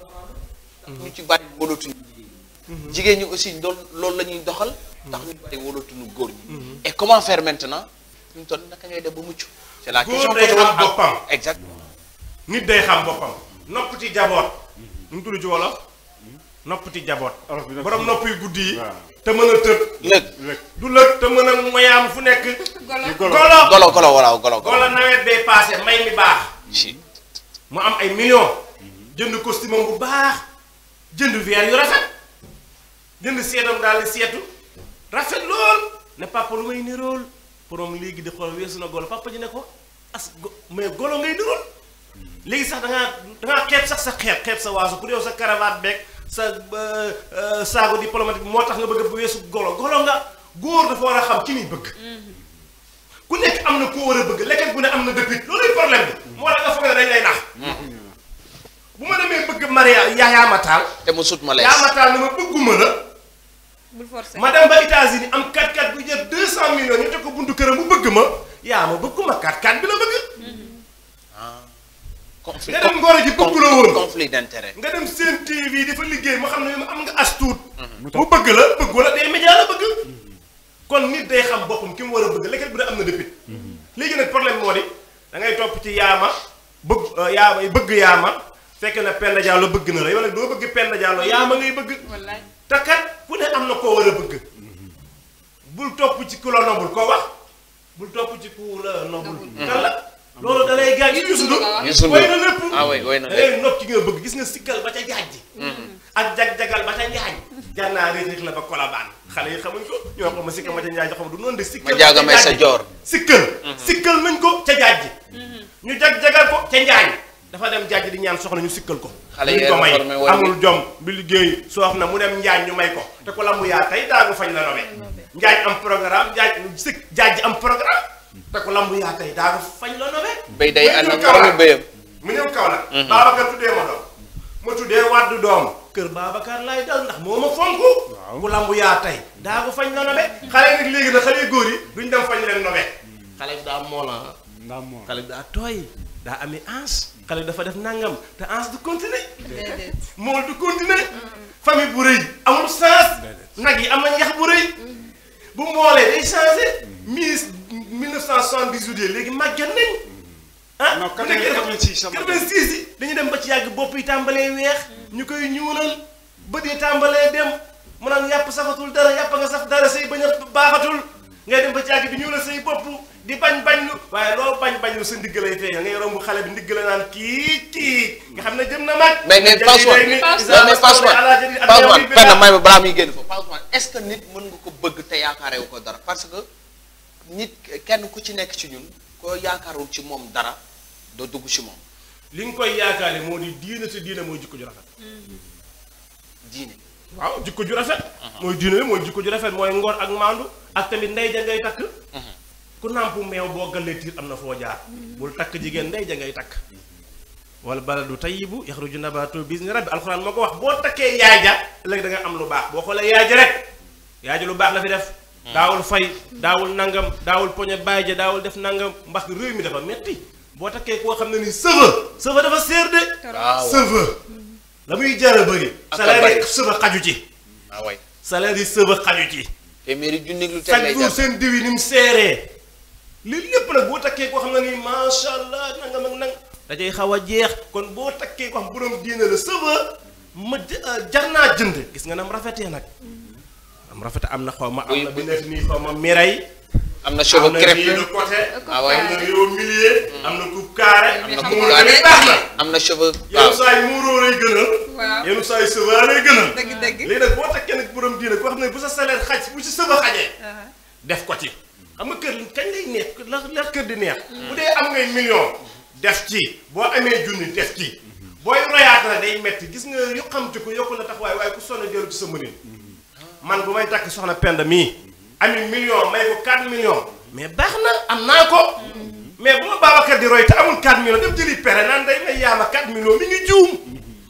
ñu ci bari wóolootuñu jigéen ñi aussi loolu loolu la ñuy doxal ndax ñu bari wóolootuñu góor ñi mm-hmm. et comment faire maintenant ñu toll naka ngay def ba mucc c'est la question day xam boppam exactement nit day xam boppam nopp ci jaboot nu mu tudd ci wolof mm-hmm. nopp ci jaboot borom nopp yu guddi yi te mën a tëb lëg du lëg te mën a mayaam fu nekk golo golo golo wala golo golo nawet bee paase may mi baax mu am ay million mm-hmm. jënd costume bu baax jënd weer yu rafet jënd seetam daal di seetu rafet lool ne papa lu may nirool borom léegi di xool weesu na golo papa ji ne ko as go ne golo ngay nirool léegi sax dangaa ngaa da sax sa xeet xeeb sa waasu pour yow sa cravate beeg sa euh, euh, saago diplomatique moo tax nga bëgg bu weesu golo golo nga góor dafa war a xam ci ni bëgg. ku nekk am na koo war a bëgg lekkat bu ne am na dëkk loolu problème bi. moo la nga foog ne dañ lay nax. bu ma demee bëgg mariage yaa yaa ma taal. te mu sut ma lees yaa ma taal ne ma bëgguma la. bul forcer ma dem ba États-Unis am 4x4 bu jël 200 millions ñu teg ko buntu këram bu bëgg ma yaa ma bëgguma 4x4 bi la bëgg. Ah. conflit nga dem ngoro ji bëgg la woon conflit nga dem seen TV dafa liggéey ma xam ne ma am nga astuut. bu mm-hmm. bëgg la bëgg wala day média la kon nit day xam boppam ki mu war a bëgg bu ne am na dëppit. Mm-hmm. léegi nag problème moo di da ngay topp ci yaama bëgg euh, yaama bëgg yaama. fekk na Penda Diallo bëgg na la yow nag doo bëgg Penda Diallo yaa ma ngay bëgg. wallaay kat ku ne am na koo war a bëgg. bul topp ci ku la nombul koo wax bul topp ci ku la nombul. kan la loolu da lay gaañ Youssou Ndour. way na lépp. ah oui way na lépp da ngay eh, nopp ci nga bëgg gis nga sikkal ba ca jaaj mm-hmm. ak jag-jagal ba ca njaañ. jar naa réeréer la ba kolabaan xale yi xamuñ ko ñoo xam ma sikkal ma ca xam du de. sikkal ma jaaga may sa joor sikkal. Mm-hmm. sikkal ko ca mm-hmm. ñu jag-jagal ko ca dafa dem jàjj di ñaan soxna ñu sikkel ko xalé yi may amul jom bi liggey soxna mu dem ñaan ñu may ko te ko lamu ya tay daagu fañ la nobe njaañ am programme jaaj sik jàjj am programme te ko lamu ya tay daagu fañ la nobe bay day ànd ak borom bayam mu ñëw kaw la mhm. babakar tudé ma do ma tudé waddu dom keur babakar lay dal ndax moma fonku fonk lamu ya tay daagu fañ la nobe xalé nit léegi na xalé góor yi duñ dem fañ leen nobe xale bi daa da xale xalé da toy da amee ans xale dafa def nangam te ans du continuer mool du continuer famille bu rëy amul sens nag yi am na ñax bu rëy bu moolee day changé mise 1978 léegi màgget nañ ah non 86 yi dañu dem ba ci yàgg bopp yi tàmbalee weex ñu koy ñuulal bët yi tàmbalee dem mu naan yàpp safatul dara yàpp nga saf dara say bañ a baaxatul ngay dem ba ci yàgg bi ñuulal say bopp di bañ bañ lu waaye lo bañ bañ lu sa ndigg lay feeñal ngay romb xale bi ndigg la naan kii kii nga xam ne jëm na mag. mais mais password mais mais passeport passeport may ma balaa muy génn est ce que nit mën nga ko bëgg te ko dara parce que nit kenn ku ci nekk ci ñun koo ci dara di diine te diine mooy jikko ju rafet. diine. waaw jikko ju rafet. Uh-huh. mooy diine mooy jikko ju rafet mooy ngor ak ku nampu meew bo gele tir amna fo jaar bul tak jigen ndey ja ngay tak wal baladu tayyibu yakhruju nabatu bi rabb alquran mako wax bo takke yaaja leg da nga am lu bax bo xoolee yaaja rek yaaja lu bax la fi def dawul fay dawul nangam dawul poñe bayja dawul def nangam mbax réew mi dafa metti bo takke ko xam ni sëfa sëfa dafa ser de sëfa lamuy jara bëri salaire yi xaju ci salaire yi xaju ci téeméeri junni lu lay lii lépp nag boo takkee koo xam ne nii macha allah nangam ak nang dajay xaw a jeex kon boo takkee ko xam borom diine la sëba ma euh, jar naa jënd gis nga nam rafetee nag am am na xaw ma am na bi nekk nii xaw ma miray am am na côté ah na yow milieu mm. am na coupe carré am na muur tamit na am na cheveux yenn saa yi muuroo lay gënal yenn saa yi sëba lay gënal léegi nag boo takkee nag borom na koo bu sa salaire xaj bu ci sëba xajee uh-huh. def ko ci xam nga kër kañ lay neex la la kër di neex. bu dee am ngay million. def ci boo amee junni def ci. booy royaat la day metti gis nga yu ko yokku la tax waaye waaye ku sonn jëru ci sa mënin. man bu may takk soxna Penda mii. ami million may ko 4 millions. mais baax na am naa ko. mais bu ma Babacar di amul 4 millions dem jëli pere naan day may yaama 4 millions mi ngi juum.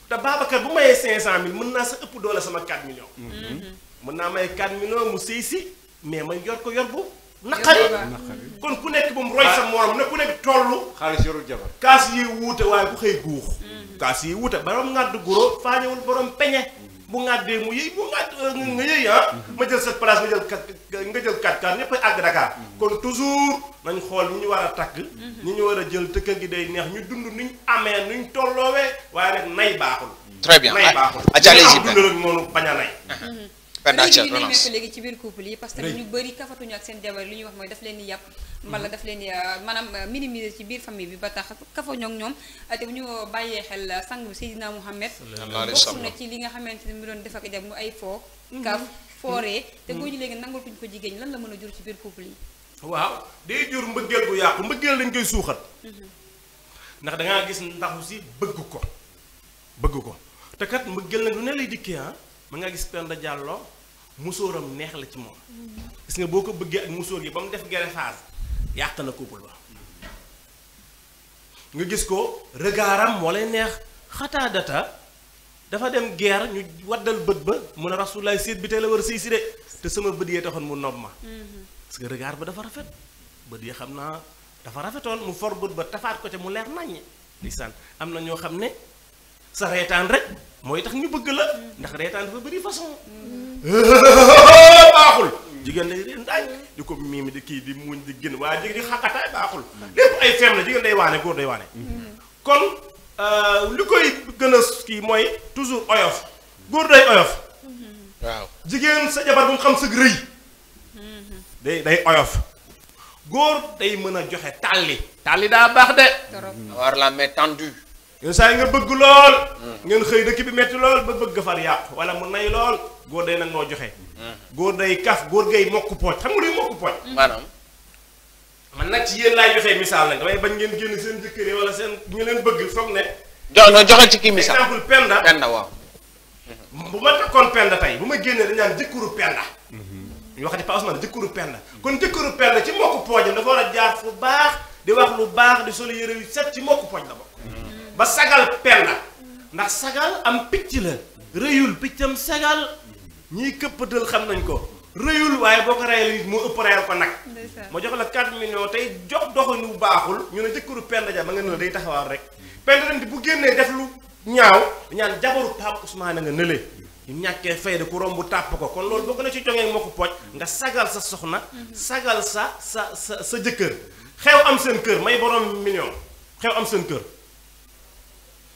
te Babacar mën naa sa ëpp doole sama 4 millions. Mm-hmm. mën naa may 4 millions mu sëy si mais ma yor ko yor bu. naqari kon ku nekk moom roy sa morom ne ku nekk tollu xaalis yorul jabar kaas yi wuute waaye ku xëy guux mm-hmm. kaas yi wuute borom ngàdd guro faañewul borom peñe mm-hmm. bu ngàddee mu yëy bu ngàdd euh, nga yëy ah. mm-hmm. ma jël sa place nga jël kat nga jël kat kat ñépp àgg Dakar kon toujours nañ xool ñi ñu war a takk ñi ñu war a jël te kër gi day neex ñu dund nuñ amee nuñ tolloowee waaye nag nay baaxul très bien nay baaxul dund rek moonu bañ a nay pendaction relance léegi ci biir couple yi parce que ñu bëri kafatuñu ak seen jabar li ñuy wax mooy daf leen di yàpp mbala daf leen di euh, maanaam euh, minimiser ci biir famille bi ba tax kafañoo euh, sang bi Seydina Mouhamed bokk na ci li nga xamante ne mu doon def ak jab mu ay foo mhm. kaf fooree mhm. te góor ñi léegi nangatuñ ko jigéen lan la bu yàqu mbëggeel dañ koy suuxat mhm. ndax dangaa gis ndaxu si bëgg ko bëgg ko te kat mën nga gis Penda Diallo musóoram neex la ci moom gis nga boo ko bëggee ak musóor yi ba mu def greffage yàq na couple ba nga gis ko regardam moo lay neex xataa dafa dem guerre ñu waddal bët ba mun a rasulaay siit bi tey la war a de te sama bët yee taxoon mu nob ma mm-hmm. parce que regard ba dafa rafet bët yi xam naa dafa rafetoon mu for bët ba tafaat ko ca mu leer naññe ndeysaan am na ñoo xam ne sa reetaan rek mooy tax ñu bëgg la ndax reetaan dafa bëri façon baaxul jigéen day reen daañ di ko miim di kii di muñ di génn waaye jigéen di xàqataay baaxul ay feem la jigéen day waane góor day waane kon euh, li koy gën a kii mooy toujours oyof góor day oyof waaw jigéen sa jabar bu xam sëg rëy day day oyof góor day mën a joxe tàlli tàlli daa baax de war la yow saa yi nga bëgg lool ngeen xëy dëkk bi metti lool ba bëgg far yàqu wala mu nay lool góor de nag noo joxe góor day kaf góor gay mokk pooj xam nga luy mokk pooj maanaam man nag ci yéen laay joxe misaal nag damay bañ ngeen génn seen jëkkër yi wala seen ñu leen bëgg foog ne non joxe ci kii misaal exemple penda penda waaw bu ma takkoon penda tey bu ma génnee dañ naan jëkkëru penda ñu waxati Pa Ousmane jëkkëru penda kon jëkkëru penda ci mokk poojam dafa war a jaar fu baax di wax lu baax di solo yëre yu set ci mokk pooj la bokk ba sagal penda ndax sagal am picc la rëyul piccam sagal ñiy këppatal xam nañ ko rëyul waaye boo ko reyal nit moo ëpp reyal ko nag ma jox la 4 millions tey jox doxinu bu baaxul ñu ne jëkkëru penda ja ma nga ne day taxawaal rek penda di bu génnee def ñaaw ñaan jabaru Pape Ousmane a nga nële ñu ñàkkee fayda ku romb tàpp ko kon loolu bokk na ci jongee moo ko poj nga sagal sa soxna mhm. sagal sa sa sa sa jëkkër xew am seen kër may borom million xew am seen kër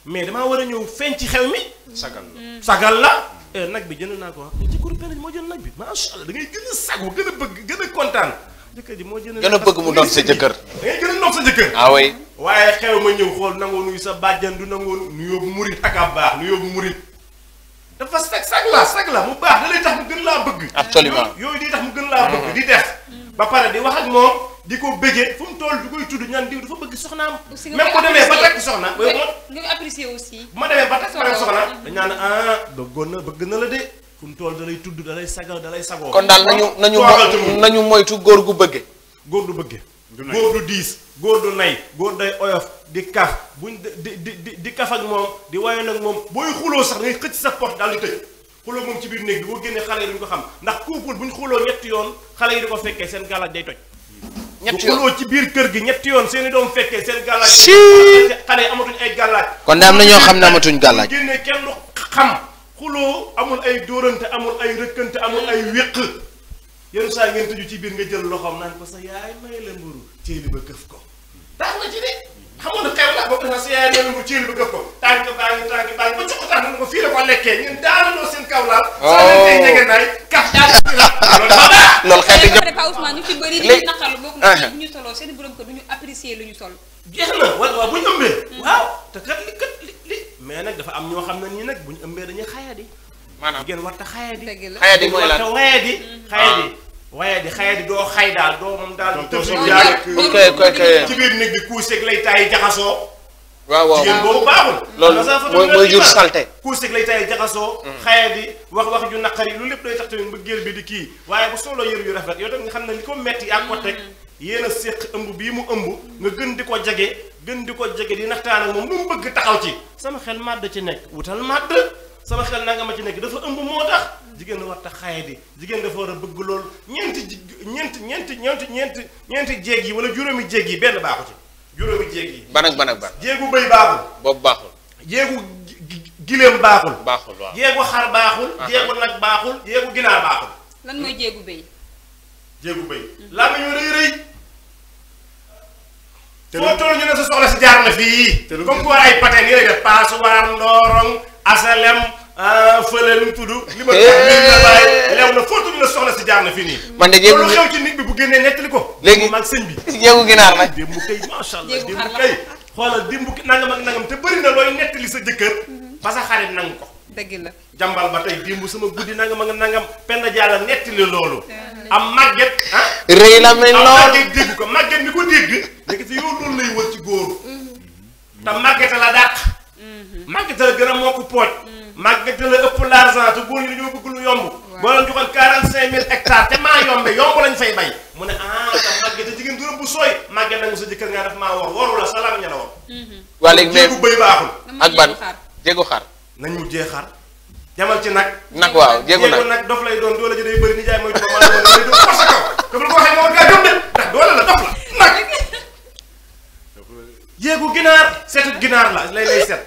mais damaa war a ñëw feeñ ci xew mi. sagal la mm. sagal la. Eh, nag bi jënd naa ko ah ci kuréel penn moo jënd nag bi macha allah dangay ngay gën a sago gën bëgg gën a kontaan. jëkkër ji moo jënd gën a bëgg mu doon sa jëkkër. da gën a sa jëkkër. ah oui waaye xew ma ñëw xool nangoo nuyu sa bàjjan du nangoo nuyoo bu murit ak ab baax nuyoo bu murit dafa sag sag la sag la mu baax da lay tax mu gën laa bëgg. absolument yooyu di tax mu gën laa mm-hmm. bëgg di def. Mm. ba pare di wax ak moom di ko bëggee fu tool toll du koy tudd ñaan diw dafa bëgg soxnaam. aussi nga ko demee ba takk soxna. nga nga apprécier aussi. bu ma demee ba takk soxna dañ naan ah bëggoon na bëgg na la de fu mu toll da lay tudd da lay sagal da lay sagoo. kon daal nañu nañu nañu moytu góor gu bëgge góor du bëgge góor du diis góor du nay góor day oyof di kaf buñ di di di di kaf ak moom di wayoon moom booy xuloo sax ngay xëcc sa porte daal di tëj xuloo moom ci biir néeg di ko génne xale yi duñ ko xam ndax couple buñ xuloo ñetti yoon xale yi di ko fekkee seen gàllaaj day toj ñetti yoon ci biir kër gi ñetti yoon seen i doom fekkee seen gàllaaj si xale yi amatuñ ay gàllaaj kon da am na ñoo xam ne amatuñ gàllaaj génne kenn du xam xuloo amul ay dóorante amul ay rëkkante amul ay wéq yenn saa ngeen tëju ci biir nga jël loxoom naan ko sa yaay may la mburu bi ba këf ko xamoon na xew la bokk na si yaay neena mu jiil bi gëf ko ñu ci bëri li uh-huh. ñu soloo seen borom ko du ñu apprécier lu ñu sol jeex na wala waaw bu ñu mm. waaw te kat li kat li li mais nag dafa am ñoo xam ne nii nag bu ñu ëmbee dañuy xayadi maanaam jigéen war ta xayadi xayadi mooy lan mm. xayadi xayadi ah. waaye di xëy di doo xay daal doo moom daal. di tëb ci biir néeg bi kuuseeg lay taay jaxasoo. waaw waaw jigéen boobu baaxul. loolu mooy jur salte kuuseeg lay taay jaxasoo. Mm. xëy di wax wax ju naqari lu lépp day tax tamit mbëggeel bi di kii waaye bu solo yër yu rafet yow tam nga xam ne li ko metti ak ko mm. yéen a ëmb bii mu ëmb nga gën di ko jege gën di ko jege di naxtaan moom lu mu bëgg taxaw ci sama xel màdd ci nekk wutal màdd sama xel nanga ma ci nekk dafa ëmb moo tax jigéen warta xayadi jigéen dafa war a bëgg lool ñeenti ji ñeenti ñeenti ñeenti ñeenti ñeenti jéeg yi wala juróomi jéeg yi benn baaxu ci juróomi jéeg yi ban ak ban ak ban jéegu bëy baaxul boobu baaxul jéegu gileem baaxul baaxul xar baaxul jéegu nag baaxul jéegu ginaar baaxul lan mooy jéegu bëy jéegu bëy laa ma ñu rëy rëy foo toll ñu ne sa soxla si jaar na fii comme ko ay pateen yi lay def paasuwaar asalem ah fële lu mu tudd. li ma eh. la lew na foo tudd la soxla si jaar na fi nii. man de jéegu lu xew ci nit bi bu génnee nettali ko. léegi moom ak sëñ bi. jéegu ginaar nag démb kay macha allah démb kay. xoolal démb nangam ak nangam te bëri na looy nettali sa jëkkër. ba sa xarit nangu ko. dëgg la jàmbal ba tey démb sama guddi nangam ak nangam penn jàlla nettali loolu. am màgget ah? rëy la mel noonu am màgget dégg ko màgget mi ko dégg. léegi si yow loolu lay wër ci góor. Mm-hmm. te màgget la dàq. Mm-hmm. màgget la gën a moo ko pooj màgg la ëpp l'argent te góor ñi dañoo bëgg lu yomb. waaw boo leen joxoon 45000 hectares te maa yombe yomb lañ fay bay mu ne ah tam màgg te jigéen du rëbb sooy màgg nangu sa jëkkër nga def maa wor waru la salaam ña la mhm. waa léegi mais bëy baaxul. ak ban jéegu xar. nañu mujjee xar. jamal ci nag. nag waaw jéegu nag jéegu nag dof lay doon doole ji day bëri ni jaay mooy tuba maa doon lay doon force kaw la dof la nag. jéegu ginaar seetu ginaar la lay lay set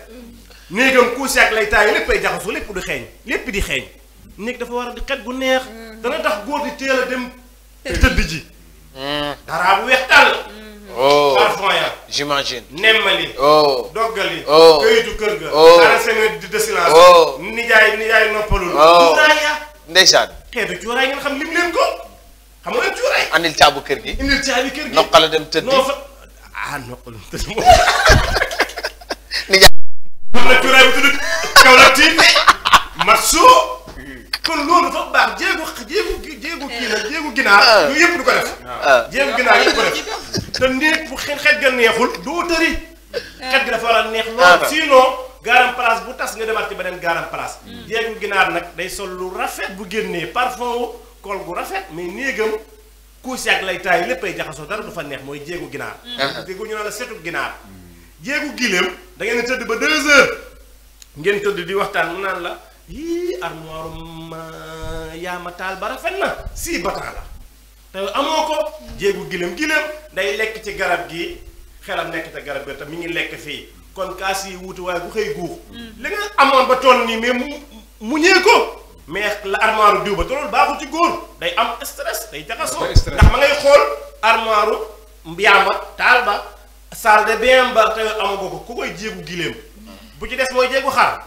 néegam kuusi ak lay taayu lépp ay jaxasoo lépp du xeeñ lépp di xeeñ néeg dafa war a di xet gu neex mm. dana tax góor di teel a dem tëdd ji mm. dara bu weex tàll oh. parfum ya j'imagine nemmali oh. doggali oh. këyitu kër ga dara semaine de silence nijaay nijaay noppalul cuuraay ya ndeysaan xeetu cuuraay ngeen xam lim leen ko xam nga cuuraay andil caabu kër gi andil caabu kër gi noqala dem ah, tëdd ah noqala dem tëdd moom la cuuraay bu tudd Kaolack TV Matsu kon loolu dafa baax jéegu jéegu jéegu kii la ginaar yooyu ah. yëpp du ko def ah. ah. jéegu ginaar te néeg bu xet xet ga neexul doo tëri xet gi dafa war a neex loolu sinon garam place bu tas nga demaat ci beneen garam place hmm. jéegu ginaar nag day sol lu rafet bu génnee parfum wu kol gu rafet mais néegam kuusi ak lay taay léppay jaxasoo dara du fa neex mooy jéegu ginaar dégg ñu naan la setu ginaar hmm. jéegu gilem, da ngeen tedd ba 2 heures ngeen tedd di waxtaan mu naan la yi armoire ma ya ma tal ba rafet na si bata la te amoko ko gilem gilem, day lek ci garab gi xelam nek ta garab gi te mi ngi lek fi kon kasi wutu way gu xey xëy mm. li nga amoon ba ton ni mais mu ñe ko mais la armoire diw ba te loolu ci goor day am stress day taxaso ndax ma ngay xol armoire mbiyaama talba salle de bain ba tamit amagu ko ku koy jéegu giléem bu ci des mooy jéegu xar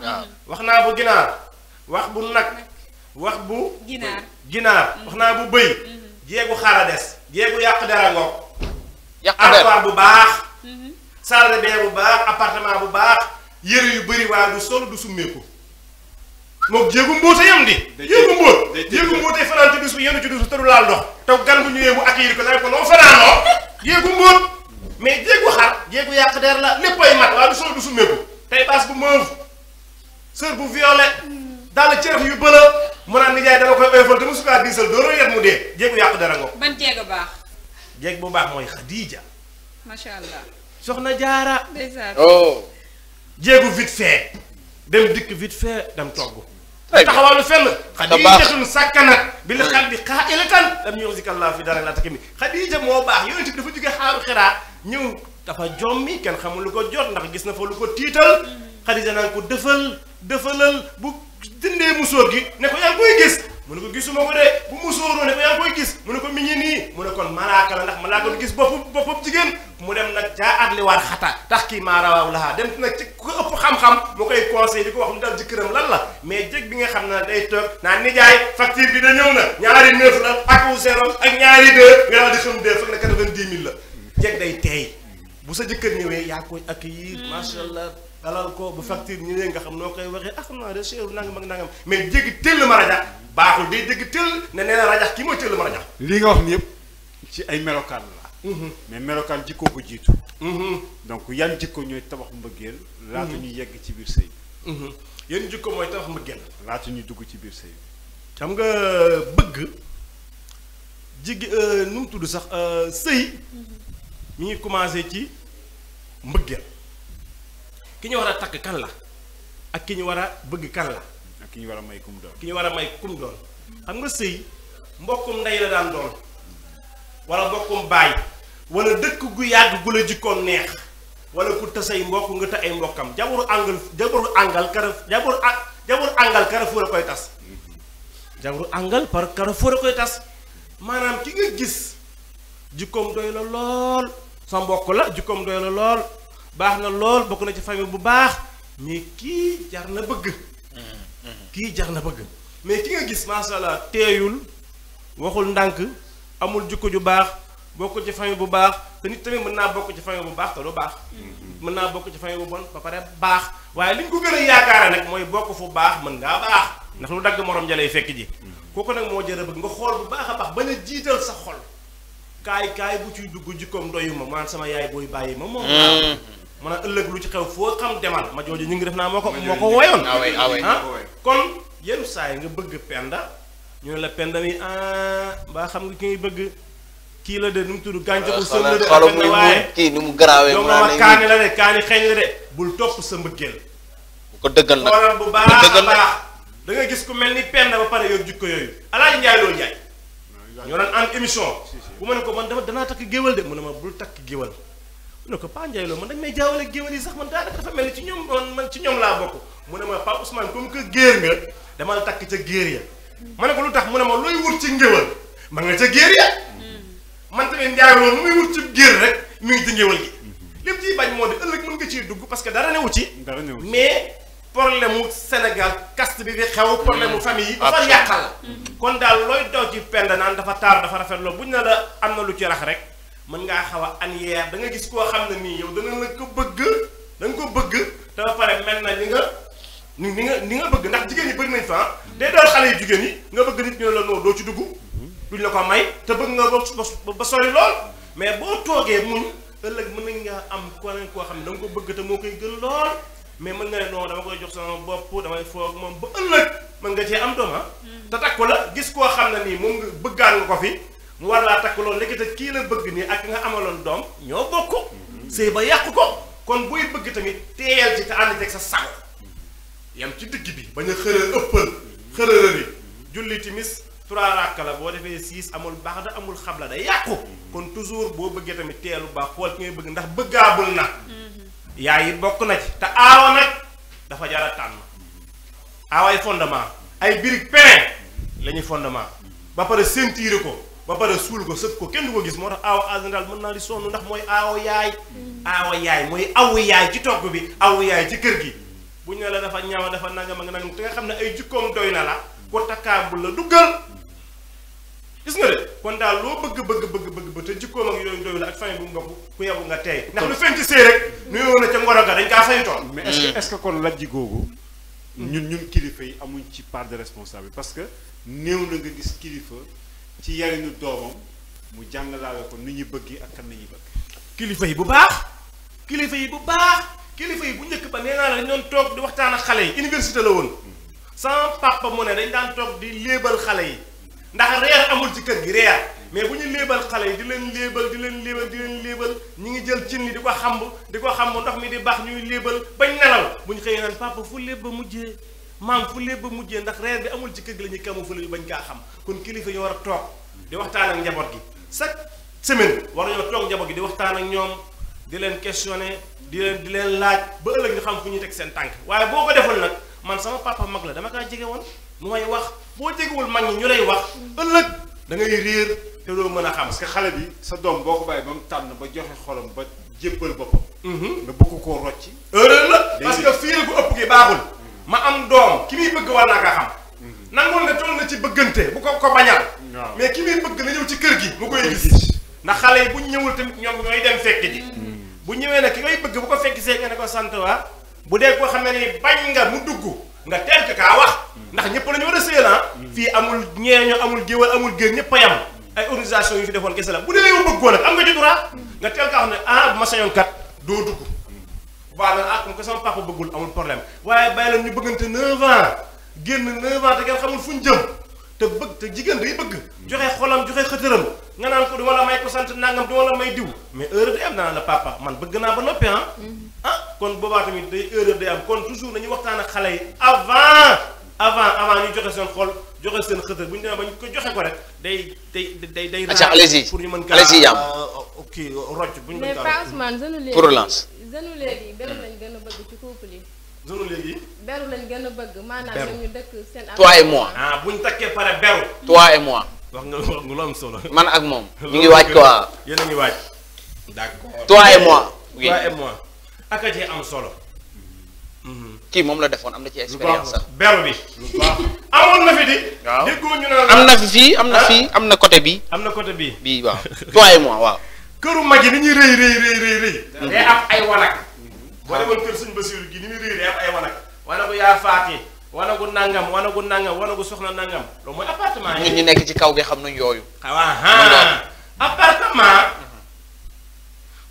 wax naa bu ginaar wax bu nag wax bu ginaar ginaar wax naa bu bëy mm-hmm. jéegu xar a des jéegu yàq dara ngoog armoire bu baax mm-hmm. salle de bain bu baax appartement bu baax yëre yu bëri waaye du solo du summeeku moom jéegu mbóote yam di jéegu mbóot jéegu mbóotee fanaan ci dusu yenu ci dusu te du laal ndox te gan bu ñëwee bu accueillir ko danga ko noo mbóot mais jéegu xar jéegu yàq der la léppay mat waaye du sol du summeeku tey baas bu mauve sër bu violet daal cër yu bëla mu naan nijaay dama koy oyofal te mu sukaa diisal doora yet mu dee jéegu yàq a baax jéeg bu baax mooy Xadiija macha allah soxna jaara oh. jéegu vite fait dem dikk vite fait dem togg day taxawaalu fenn. xadiijatun sakkanat bil qalbi qaa'ilatan lam yuxzikallaahu fi darin laa takimi xadiija moo baax yonent bi dafa jóge xaaru xiraa ñëw dafa jommi kenn xamul lu ko jot ndax gis na fa lu ko tiital. xadiija naan ko dëfal dëfalal bu dindee musóor gi ne ko yaa ngi koy gis. mu ne ko gisuma ko de bu musóoroo ne yaa koy gis mu ne ko mi ngi nii mu ne kon malaaka la ndax malaaka du gis bopp boppam jigéen mu dem nag jaa at li war xata tax kii maa rawaaw lahaa dem nag ci ku ëpp xam-xam mu koy conseil di ko wax mu dal jëkkëram lan la mais jég bi nga xam ne day toog naa nijaay facture bi da na ñaari neuf la ak zéro ak ñaari deux nga daal di xam deux fekk na quatre vingt la jég day teey bu sa jëkkër ñëwee yaa koy accueillir hmm. macha allah dalal ko bu facture ñu ne nga xam noo koy waxee ah xam naa de seeru nangam ak nangam mais jéggi tëll ma rajax baaxul day jéggi tëll ne nee na rajax kii mooy tëll ma rajax li nga wax ni yëpp ci ay melokaan la mhm. mais melokaan jikkoo ko jiitu mhm. donc yan jikko ñooy tabax mbëggeel mhm. laata ñu yegg ci biir sëy yan jikko mooy tabax mbëggeel laata ñu dugg ci biir sëy xam nga bëgg jigi euh, nu mu tudd sax euh, sëy mi ngi commencé ci mbëggeel kiñu wara tak kan la ak kiñu wara bëgg kan la. ak kiñu wara may kum doon. kiñu wara may kum doon xam nga sey mbokum nday la daan doon wala bokum bay wala dekk gu yag gu la jikko neex wala ku tassay mbok nga ta ay mbokam jaburu angal jaburu angal kara jaburu jaburu angal àngal Carrefour koy tass jaburu angal par Carrefour a koy tass manam ki nga gis jikko doy la lool sa mbok la jikko doy la bah na lol bokku na ci famille bu bax mais ki jar na bëgg ki jar na bëgg mais ki nga gis sha allah teyul waxul ndank amul jikko ju bax bokku ci famille bu bax te nit tamit mëna bokku ci famille bu bax te lu bax mëna bokku ci famille bu bon ba paré bax waye li ñu ko gën a yaakaare nag mooy fu bax mën nga bax ndax lu dag morom jalay fekk ji koku nak mo jëra bëgg nga xol bu baax bax baax bañ sa xol kay kay bu ci dugg sama yaay boy bayi ma mana ëlëk lu ci xew fo xam demal ma jojo ñu ngi def naa moo ko moo ah, kon yeru saay nga bëgg penda ñu la penda mi ah ba xam nga ki ngay bëgg ki la de nu tuddu tudd ko bu sëb la de ak waaye kii mu grawé mo naan kaani la de kaani xeeñ la de bul top sa mbëggel ko dëggal nak xoolal bu baax da nga gis ku melni ni penda ba pare yor jukko yoy alaaji njaay loo njaay ñu daan am émission bu ma ko man dama dana tak géwal de mu ma bul tak géwal mu ne ko Pa Ndiaye Lo man dañ may jaawale géwél yi sax man daanaka dafa mel ni ci ñoom man man ci ñoom laa bokk mu ne ma Pa Ousmane comme que géer nga dama takk ca géer ya ma ne ko lu tax mu ne ma looy wut ci ngéwél ma nga ca géer ya mm. man tamit Ndiaye Lo lu muy wut ci géer rek mi ngi ci ngéwél gi mm-hmm. lépp ciy bañ moo di ëllëg mën nga ci dugg parce que dara newu ci mais problème mu Sénégal caste bi fi xew problème mu mm. famille yi dafa yàqal mm-hmm. kon daal looy daw ci pend naan dafa taar dafa rafetloo buñ ne la am na lu ci rax rek mën ngaa xaw a aniyeer da nga gis koo xam ne nii yow dana la ko bëgg da nga ko bëgg te ba pare mel na li nga ni nga ni nga bëgg ndax jigéen ñi bëri nañ fa ah. mm-hmm. day daal xale yu jigéen yi nga bëgg nit ñu la noo doo ci dugg mm-hmm. duñ la ko may te bëgg nga ba ba sori lool mais boo toogee muñ ëllëg mën nañ nga am keneen koo xam ne da nga ko bëgg te moo koy gën lool mais mën nga ne non dama koy jox sama bopp damay foog moom ba ëllëg mën nga cee am doom ah. mm-hmm. te takku la gis koo xam ne nii moom nga bëggaan nga ko fi mu war laa takk loolu nekkita ki la bëgg ni ak nga amalon dom ño bokku sey ba yàq ko kon buy bëgg tamit teyel ci ta ànd tek sa sax yam ci dëgg bi bañ a xëral ëppal ni julli timis mis rakka rakala bo defé 6 amul baax da amul xabla da yàqu kon toujours bo bëgge tamit teelu ba xol ngay bëgg ndax bëggaabul na mm-hmm. yaay yi bokk na ci ta aawa nak dafa jara tan aaway fondement ay birik pere lañu fondement ba paré sentir ko ba pare suul ko sëpp ko kenn du ko gis moo tax aaw en général mën naa di sonn ndax mooy aaw yaay aaw yaay mooy awu yaay ci togg bi awu yaay ci kër gi bu ñu ne la dafa ñaaw dafa nangam ak nangam te nga xam ne ay jikkoom doy na la ko takkaabul la duggal gis nga de kon daal loo bëgg bëgg bëgg bëgg ba te jikkoom ak yooyu doy la ak famille bu mu bokk ku yabu nga tey ndax lu feeñ ci sëy rek nuyoo na ca ngoro ga dañ kaa sayutoon mais est-ce que est-ce que kon lajji googu ñun ñun kilifa yi amuñ ci part de responsable parce que néew na nga gis kilifa ci yarinu doomam mu jàngalaale ko nu ñu bëgg ak kan ñi bëgg. kilifa yi bu baax kilifa yi bu baax kilifa yi bu njëkk ba nee naa la dañ doon toog di waxtaan ak xale yi université la woon sama papa mu ne dañ daan toog di léebal xale yi ndax reer amul ci kër gi reer mais bu ñu léebal xale yi di leen léebal di leen léebal di léebal ñu ngi jël cin li di ko xamb di ko xamb ndox mi di baax ñuy léebal bañ nelaw bu ñu xëyee naan papa fu léeb ba mujjee. maam fu lépp ba mujjee ndax reer bi amul ci kër gi la ñuy camoufler bañ kaa xam kon kilifa yi war a toog di waxtaan ak njaboot gi chaque semaine war nañoo toog njaboot gi di waxtaan ak ñoom di leen questionner di leen di leen laaj ba ëllëg ñu xam fu ñuy teg seen tànk waaye boo ko deful nag man sama papa mag la dama kaa jege woon mooy wax boo jegewul mag ñi ñu lay wax ëllëg da ngay réer te doo mën a xam. parce que xale bi sa doom boo ko bàyyi ba mu tànn ba joxe xolam ba jébbal boppam. Mhm. nga bëgg koo rocc. heure la parce que fii la ko ëpp gi ma am doom ki muy bëgg war naa kaa xam mhm. nangoon nga toll na ci bëggante bu ko ko bañal mais ki muy bëgg na ñëw ci kër gi mu koy gis ndax xale yi bu ñëwul tamit ñoom ñooy dem fekk ji mhm. ñëwee nag ki bëgg bu ko fekk see nga ne ko sant waa bu dee koo xam ne ni bañ nga mu dugg nga teel kaa mhm. ndax ñëpp la ñu war a sëyal ah. fii amul ñeeño amul géwal amul géer ñëpp a yam ay organisation yu fi defoon kese la bu dee yow bëggoon nag am nga ci droit nga teel kaa wax ne ah bu ma sañoon kat doo dugg waaw nag ah comme que sama papa bëggul amul problème waaye bàyyi leen ñu bëggante 9 ans génn 9 te kenn xamul fu ñu jëm te bëgg te jigéen day bëgg. joxe xolam joxe xëtëram nga naan ko duma la may ko sant nangam duma la may diw mais heure day am naa la papa man bëgg naa ba noppi ah. Mm-hmm. ah kon boobaa tamit day heure day am kon toujours nañu waxtaan ak xale yi avant avant avant ñu joxe seen xol joxe seen xëtër bu ñu demee ba ñu ko joxe ko rek day day d day. raadu ñu mën kaa allez-y allez-y yam euh, euh, ok rocc bu ñu mën zanu léegi beru lañ gën a bëgg ci couple yi. zanu léegi. beru lañ gën a bëgg maanaam ñoom ñu dëkk seen. toi et moi ah bu ñu takkee pare beru. toi et moi. wax nga wax nga lu am solo. man ak moom. ñu ngi waaj quoi yéen a ngi waaj. d'accord toi et moi. oui toi et moi ak a ci am solo. Mhm. kii moom la defoon am na ci expérience sax. beru bi. amoon na fi di. waaw déggoo ñu am na fi am na fii am na côté bi am na côté bi bii waaw toi et moi waaw. këru mag yi ni ñuy rëy rëy rëy rëy rëy day am ay wanag boo demoon kër suñ basiiru gi ni muy rëy day am ay wanag wanagu yaa faati wanagu nangam wanagu nangam wanagu soxna nangam loolu mooy appartement yi ñu nekk ci kaw gi xam nañ yooyu xawaa ah, ah, ah. appartement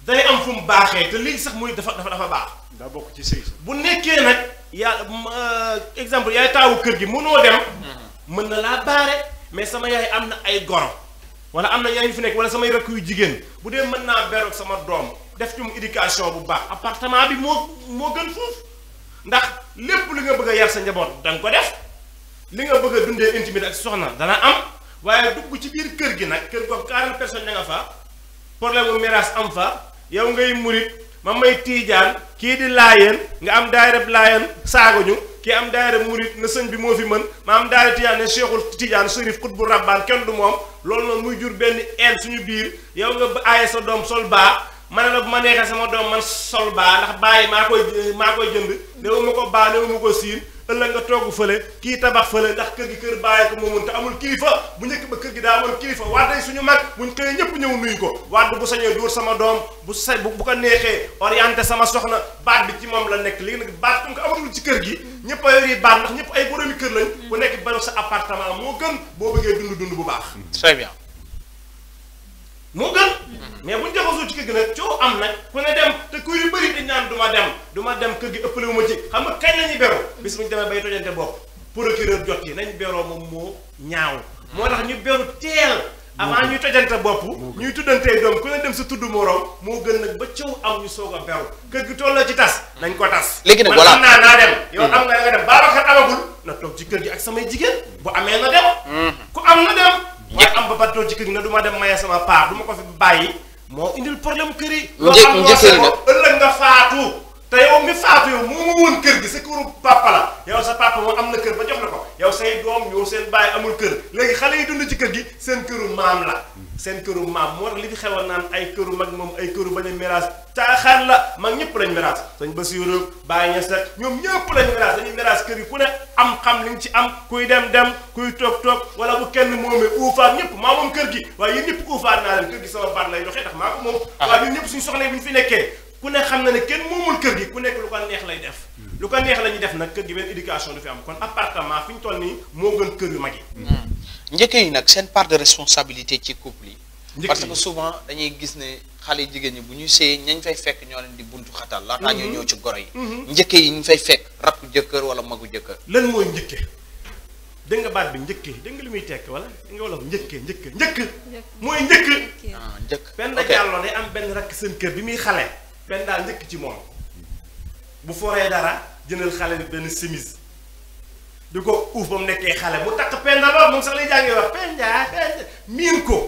day am fu mu baaxee te léegi sax muy dafa dafa dafa baax daa bokk ci sëy bu nekkee nag yaa euh, exemple yaay taawu kër gi mënoo dem mm-hmm. mën na laa baare mais sama yaay am na ay goro wala am na yeneen fi nekk wala samay rakk yu jigéen bu dee mën naa beroog sama doom def ci mu éducation bu baax appartement bi moo moo gën foofu ndax lépp li nga bëgg a yar sa njaboot da nga ko def li nga bëgg a dundee intimité ak soxna dana am waaye dugg ci biir kër gi nag kër googu 40 personnes ña nga fa problème mu miraas am fa yow ngay murit ma may tiijaan kii di laayeen nga am daayirab laayeen saagañu kii am daayirab murit na sëñ bi moo fi mën ma am daayira tijaan ne cheikhul tijaan sërif xut bu rabbaan kenn du moom loolu noonu muy jur benn een suñu biir yow nga aaye sa doom sol baa ma ne la bu ma neexee sama doom man sol baa ndax bàyyi maa koy maa koy jënd néewu ma ko baa néewu ma ko siin ëllëg nga togg fële kii tabax fële ndax kër gi kër bàyyi ko moomoon te amul kilifa bu njëkk ba kër gi daa amoon kilifa wadday suñu mag buñ xëyee ñëpp ñëw nuyu ko wadd bu sañee dóor sama doom bu sa bu bu ko neexee orienté sama soxna baat bi ci moom la nekk léegi nag baat comme que amatul ci kër gi ñëpp a yor baat ndax ñëpp ay boroomi kër lañ ku nekk baru sa appartement moo gën boo bëggee dund dund bu baax très bien moo gën mais buñ jaxasoo ci kër gi nag coow am nag ku ne dem te kuy yu bëri dañ naan du ma dem duma dem kër gi ëppale wu ma ci xam nga kañ la ñuy beroo bis bu ñu demee bay tojante bopp procureur jot ci nañ beroo moom moo ñaaw moo tax ñu beru teel avant ñuy tojante bopp ñuy tuddantee doom ku ne dem sa tudd morom moo gën nag ba coow am ñu soog a beru kër gi tolloo ci tas nañ ko tas léegi nag voilà man naa naa dem yow am nga nga dem Babacar amagul na toog ci kër gi ak samay jigéen bu amee na dem hmm. ku am na dem làqatoo ci kër gi ne du dem maye sama paa du ma ko fi bàyyi moo indil problème kër yi. njëkk njëkk nga ëllëg nga faatu. te yow mi faatu yow mu woon kër gi sa këru papa la yow sa papa moom am na kër ba jox la ko yow say doom yow seen bàyyi amul kër léegi xale yi dund ci kër gi seen këru maam la seen këru maam moo li fi xewoon naan ay këru mag moom ay këru bañ a miraas caaxaan la mag ñëpp lañ miraas sëñ Basiru Baay Ñas ñoom ñëpp lañ miraas dañuy kër gi ku ne am xam li ñu ci am kuy dem dem kuy toog toog wala bu kenn moomee uufaat ñëpp maa moom kër gi waaye yéen ñëpp uufaat naa leen kër gi sama baat lay doxee ndax maa ko moom ah. waaye ñun ñëpp suñu soxla yi bu ñu fi nekkee ku ne xam na ne kenn momul keur gi ku nek lu ko neex lay def lu ko neex lañu def nak keur gi ben education du fi am kon appartement fiñ tolni mo gën keur yu magi ñeeke yi hmm. nak sen part de responsabilité ci couple yi parce que souvent dañuy gis ne xale jigeen ñi bu ñuy sëyee ñañ fay fekk ñoo leen di buntu xatal la tañu hmm. ñoo ci goro yi hmm. njëkke yi ñu fay fekk rap jëkkeur wala magu jëkkeur lan moy ñeeke dégg nga baat bi ñeeke dégg nga li muy tekk wala dégg nga wolof njëkke ñeeke njëkk mooy njëkk njëkk ah, benn jàlloo day am ben rak seen keur bi mi xalé Penda njëkk ci moom bu foree dara jëndal xale bi benn chemise di ko uuf ba mu nekkee xale mu takk Penda lool moom sax lay jàngee wax Penda miin ko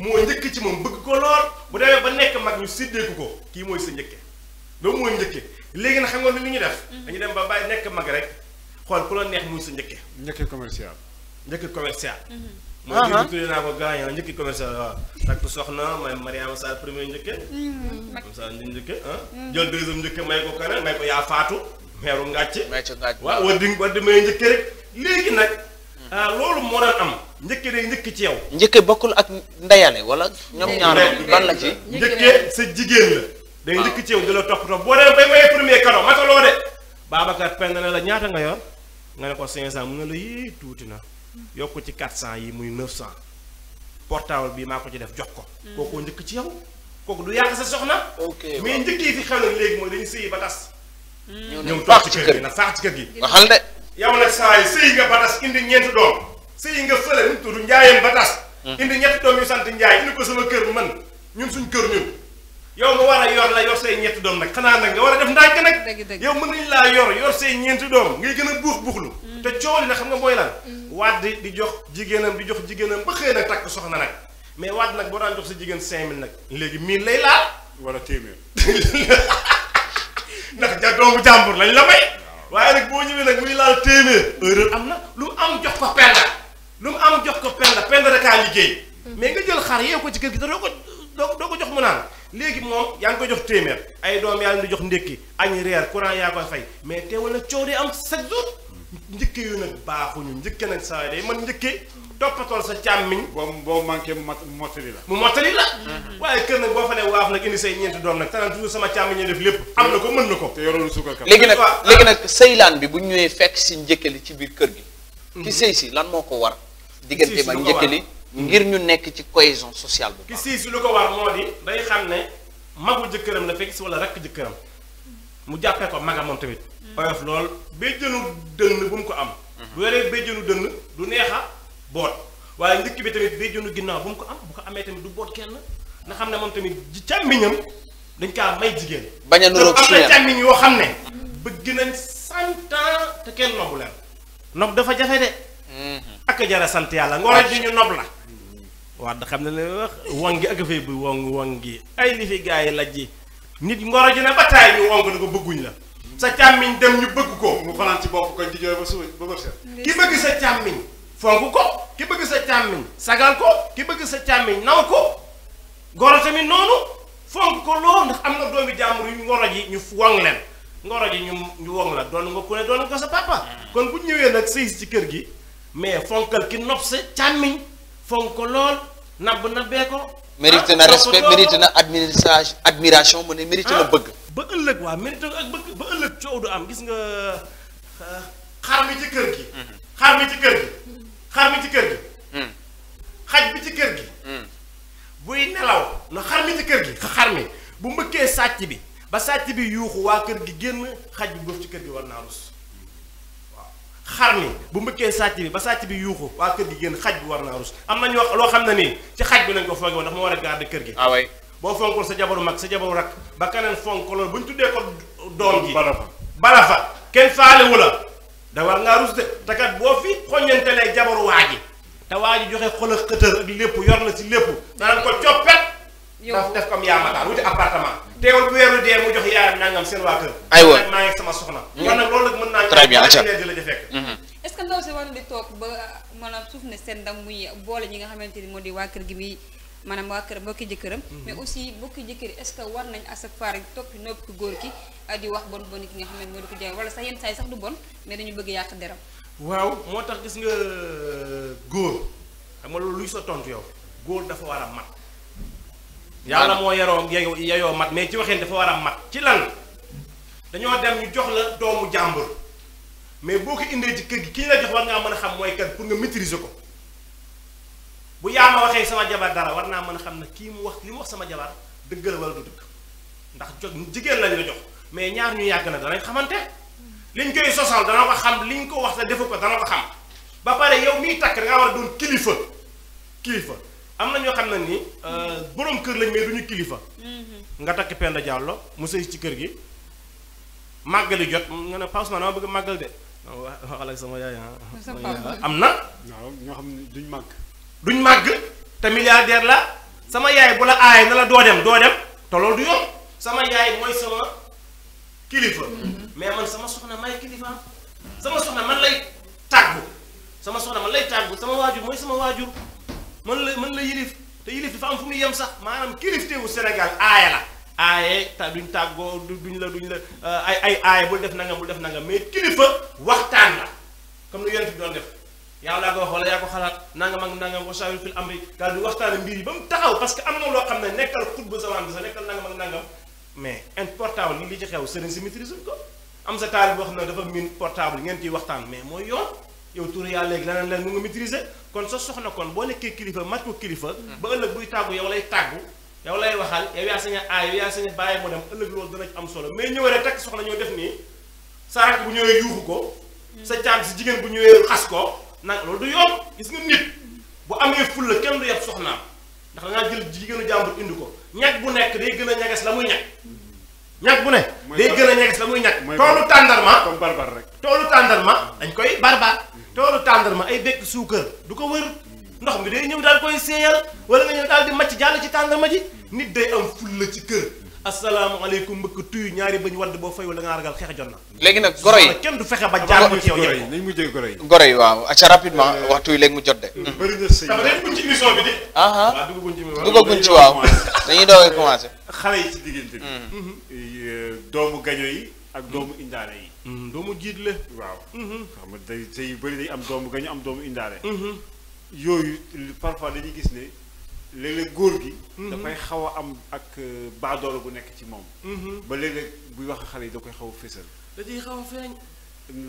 moo njëkk ci moom bëgg ko lool bu demee ba nekk mag ñu séddeeku ko kii mooy sa njëkke loolu mooy njëkke léegi na xam nga lu ñu def mm-hmm. dañu dem ba bàyyi nekk mag rek xool ku la neex mu sa njëkke njëkkee commercial njëkke commercial mm-hmm. mooy jur uh-huh. gi tuddee naa ko gaañal njëkki commercial waaw takk soxna may Mariama Sarr premier njëkke mm-hmm. comme ça ñu njëkke ah. mm-hmm. jël deuxième njëkke may ko kanam may ko yaa meeru ngàcc waaw war di war di léegi nag mm-hmm. ah loolu moo daan am njëkke day njëkk ci yow njëkke bokkul ak ndeyale wala ñoom ñaar ban la ci njëkke sa jigéen la day ah. njëkk ci yow di la topp topp boo dee bay may premier cadeau mataloo de Babacar Penda la ñaata nga yor nga ne ko cinq cent mu ne la yii tuuti na yokk ko ci 400 yi muy 900 portable bi maa ko ci def jox ko. Mm. kooku njëkk ci yow. kooku du yàq sa soxna. ok mais njëkk yi fi xew nag léegi mooy dañu sëyi ba tas. Mm. ñëw toog ci kër gi nag saax ci kër gi. xam de. yow nag saa yi sëyi nga ba tas indi ñeenti doom. sëyi nga fële nu mu tudd njaayeen ba tas. Mm. indi ñetti doom yu sant njaay indi ko sama kër man ñun suñ kër ñun. yow nga war a yor la yor say ñetti doom nag xanaa nag nga war a def ndànk nag yow mën nañ laa yor yor say ñeenti doom ngay gën a buux buuxlu mm. te coow li nag xam nga mooy lan mm. waat di di jox jigéenam di jox jigéenam ba xëy nag takk soxna mais waat nag boo daan jox sa jigéen cinq mille nag léegi mille lay laal wala téeméer ndax ja doomu jàmbur lañ la may waaye nag boo ñëwee nag muy laal téeméer am na lu am jox ko penda lu mu am jox ko penda penda rek a liggéey mm. mais nga jël xar yeew ko ci kër gi te doo ko doo ko jox mu naan léegi moom yaa ngi ko jox téeméer ay doom yaa ngi jox ndékki añ reer courant yaa koy fay mais te na coow di am chaque jour njëkke yu nag baaxuñu njëkke nag saa day man njëkke toppatool sa càmmiñ boo boo manqué mu mottali la mu mottali la mm-hmm. waaye kër nag boo fa ne waaf nag indi say ñeenti doom nag te naan toujours sama càmmiñ ñu def lépp am na ko mën na ko te yorolu suukar kam léegi nag ah. léegi nag sëylaan bi bu ñëwee fekk si njëkkali ci biir kër gi ki mm-hmm. sëy si lan moo ko war diggante ma njëkkali ngir ñu nekk ci cohésion sociale bu baax. ki siis ko war moo di day xam ne magul jëkkëram la fekk si wala rakk jëkkëram mu jàppee ko maga moom tamit. Mm. oyof lool béjjënu dënn bu mu ko am. Mm. bu yoree dënn du neex boot waaye njëkk bi tamit béjjënu ginnaaw bu ko am bu ko amee tamit du boot kenn na xam ne moom tamit ji càmmiñam dañ ko am may jigéen. bañ a nuroog am na yoo xam ne. bëgg nañ cent ans te kenn nobbu leen. nob dafa jafe de. Mm-hmm. ak jara sant yàlla ngoro di ñu nob la waa da xam ne la wax gi ak fay bu wong gi ay li fi gaa yi lajji nit ngoro ji ne ba taay ñu wong na ko bëgguñ la sa càmmiñ dem ñu bëgg ko mu fanaan ci bopp koñ di jooy ba suba ba bërset ki bëgg sa càmmiñ fonk ko ki bëgg sa càmmiñ sagal ko ki bëgg sa càmmiñ naw ko ngoro tamit noonu fonk ko lool ndax am na doomi jàmbur yu ngoro ji ñu wong leen ngoro ji ñu ñu wong la doon nga ku ne doon nga sa papa mm. kon bu ñëwee nag sëy ci kër gi mais fonkal ki nopp sa càmmiñ fonk ko lool nabb na bee ko. mérite na ah, respect mérite na administration admiration mu ne mérite na ah, bëgg. ba ëllëg waa mérite ak bëgg ba ëllëg coow du am gis nga euh, mhm. xar mi ci kër gi. xar mi ci kër gi. ci mhm. kër xaj bi ci kër gi. Mhm. buy nelaw na xar mi ci kër gi xar mi bu mbëkkee sàcc bi ba sàcc bi yuuxu waa kër gi génn xaj bi boof ci kër gi war naa rus. xarmi bu mbeke sàcc bi ba sàcc bi yuxu wa keur gi gene xajj bi war naa rus am na ñu wax lo xamna ni ci xajj bi lañ ko foogee won dafa wara garder keur gi ah way bo fonkul sa jabaru mak sa jabaru rak ba kanen fonk loolu bu ñu ko doom gi bala fa ken faalé wula da war ngaa rus de te kat boo fi xoññantelee jabaru waa ta te joxe xol ak xëtër ak lépp yor na ci lépp da danañ ko ciopet daf def comme yamata wuti appartement teewul bu weeru dee mu jox yaayam nangam seen waa kër. aywa maa ngi sama soxna. yow mm-hmm. nag loolu nag mën naa. très bien acca la di fekk. est-ce que ndaw si war ne seen ndam muy boole ñi nga xamante ni moo di waa kër gi muy maanaam waa kër mbokki jëkkëram. Mm-hmm. mais aussi mbokki jëkkër est-ce que war nañ à chaque fois rek topp nopp ku euh, wax bon bon ki nga xam ne moo di wala sax yenn saa yi sax du bon mais dañu bëgg yàq deram. waaw moo tax gis nga euh, góor xam nga loolu luy sa tontu yow góor dafa war a mat yàlla moo yaroo yayoo mat mais ci waxeen dafa war a mat ci lan dañoo dem ñu jox la doomu jàmbur mais boo ko indee ci kër gi ki ñu la jox war ngaa mën a xam mooy kan pour nga maîtriser ko bu yaa ma waxee sama jabar dara war naa mën a xam na kii mu wax li mu wax sama jabar dëgg la wala du dëgg ndax jox jigéen lañ la jox mais ñaar ñu yàgg na danañ xamante liñ koy sosal dana ko xam liñ ko wax sa defu ko dana ko xam ba pare yow miy takk da ngaa war a doon kilifa kilifa. am na ñoo xam ne nii euh, boroom kër lañ mais duñu kilifa. Mm-hmm. nga takk Penda Diallo mu sëy ci kër gi màggali jot nga ne Pape Ousmane dama bëgg màggal de waxal ak ah. am na. ñoo xam ne màgg. duñ màgg te la sama yaay bu la aay na la doo dem doo dem te loolu du yomb sama yaay mooy sama kilifa. Mm-hmm. mais man sama soxna may kilifaam sama soxna man lay tàggu sama soxna man lay tàggu sama waajur mooy sama waajur. mën la mën la yilif te yilif dafa am fu muy yem sax maanaam kilifteewu Sénégal aaya la aaye ta duñ tàggoo duñ la duñ la euh, ay ay aaye bul def nangam bul def nangam mais kilifa waxtaan la comme ni yonent bi doon def yàlla ko wax wala yaa ko xalaat nangam ak nangam wa shaawirhum fil amri daal di waxtaan mbir yi ba mu taxaw parce que am na loo xam ne nekkal xutba zaman bi sa nekkal li li ci xew sëriñ am sa taal boo xam ne dafa miin portable ngeen ciy waxtaan mais mooy yoon yow tuur yàlla léegi leneen leen mu nga maîtriser kon sa soxna kon boo nekkee kilifa mat ko kilifa ba ëllëg buy tàggu yow lay tàggu yow lay waxal yow yaa sañ a aay yow yaa sañ bàyyi mu dem ëllëg loolu dana am solo mais ñëwee rek takk soxna ñoo def nii sa rakk bu ñëwee yuuxu ko sa caam si jigéen bu ñëwee xas ko nag loolu du yoon gis nga nit bu amee fulla kenn du yab soxnaam ndax dangaa jël jigéenu jàmbur indi ko ñag bu nekk day gën a ñages la muy ñag ñag bu ne day gën a ñages la muy ñag toolu tàndarma toolu tàndarma dañ koy barbar toolu tàndarma ay bekk suukar du ko wër ndox mi day ñëw daal koy seeyal wala nga ñëw daal di macc jàll ci tàndarma ji nit day am fulla ci kër asalaamaaleykum mbëkk tuyu ñaari bëñ wadd boo fay wala nga ragal xeex jot na. léegi nag goro yi kenn du fexe ba jaar ci yow yëpp nañ mujjee goro yi goro yi waaw rapidement waxtu yi léegi mu jot de. bëri na hmm. sëy dugguñ ci émission bi de. Ah, ah. Ah, waaw duggaguñ ci waaw dañuy doog a commencé. xale yi si diggante bi. Hmm. Hmm. Euh, doomu gaño yi ak doomu indaale yi Mm, doomu jiit la. waaw. Mm-hmm. xam nga day sëy yu bëri day am doom ga am doomu indaale. Mm-hmm. yooyu parfois dañuy gis ne léeg góor gi. Mm-hmm. dafay xaw a am ak euh, baadoolo bu nekk ci moom. ba léeg buy wax xale yi da koy xaw a fésal. da xaw a feeñ.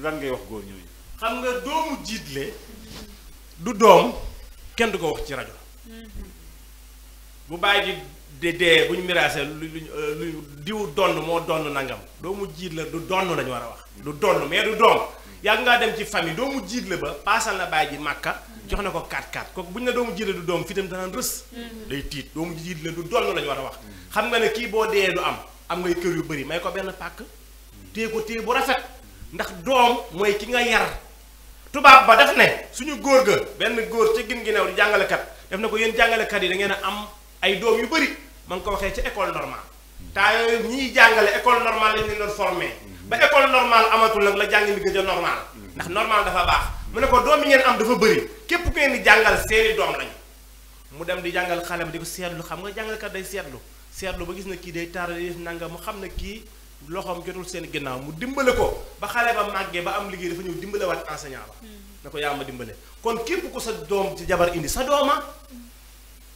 ngay wax góor ñooñu. xam nga doomu jiit du doom kenn du ko wax ci rajo. bu bàyyi di de dee bu ñu miraasee lu lu diw donn moo donn nangam doomu jiit la du donn lañu war a wax du donn mais du doom yàgg ngaa dem ci famille doomu jiit la ba paasal na bàyyi ji màkka jox na ko 4-4 kooku bu ñu ne doomu jiit la du doom fi tam danaan rës mm-hmm. day tiit doomu jiit la du donn lañu war a wax xam nga ne kii boo dee du am am ngay kër yu bëri may ko benn pàkk téye ko téye bu rafet ndax doom mooy ki nga yar tubaab ba daf ne suñu góor ga benn góor ca gin gi new jàngalekat daf na ko yéen jàngalekat yi da ngeen a am ay doom yu bëri ma ngi ko waxee ci école normale temps yooyu ñiy jàngale école normal lañ leen doon formé ba école normale amatul nag la jàng mi gëj a normal ndax normal dafa baax mu ne ko doom yi ngeen am dafa bëri képp ku ngeen di jàngal seeni doom lañu mu dem di jàngal xale bi di ko seetlu xam nga jàngalkat day seetlu seetlu ba gis na kii day taara def nanga mu xam na kii loxoom jotul seeni ginnaaw mu dimbale ko ba xale ba màggee ba am liggéey dafa ñëw dimbale waat enseignant mm. na ko yaa ma dimbale kon képp ko sa doom ci jabar indi sa dooma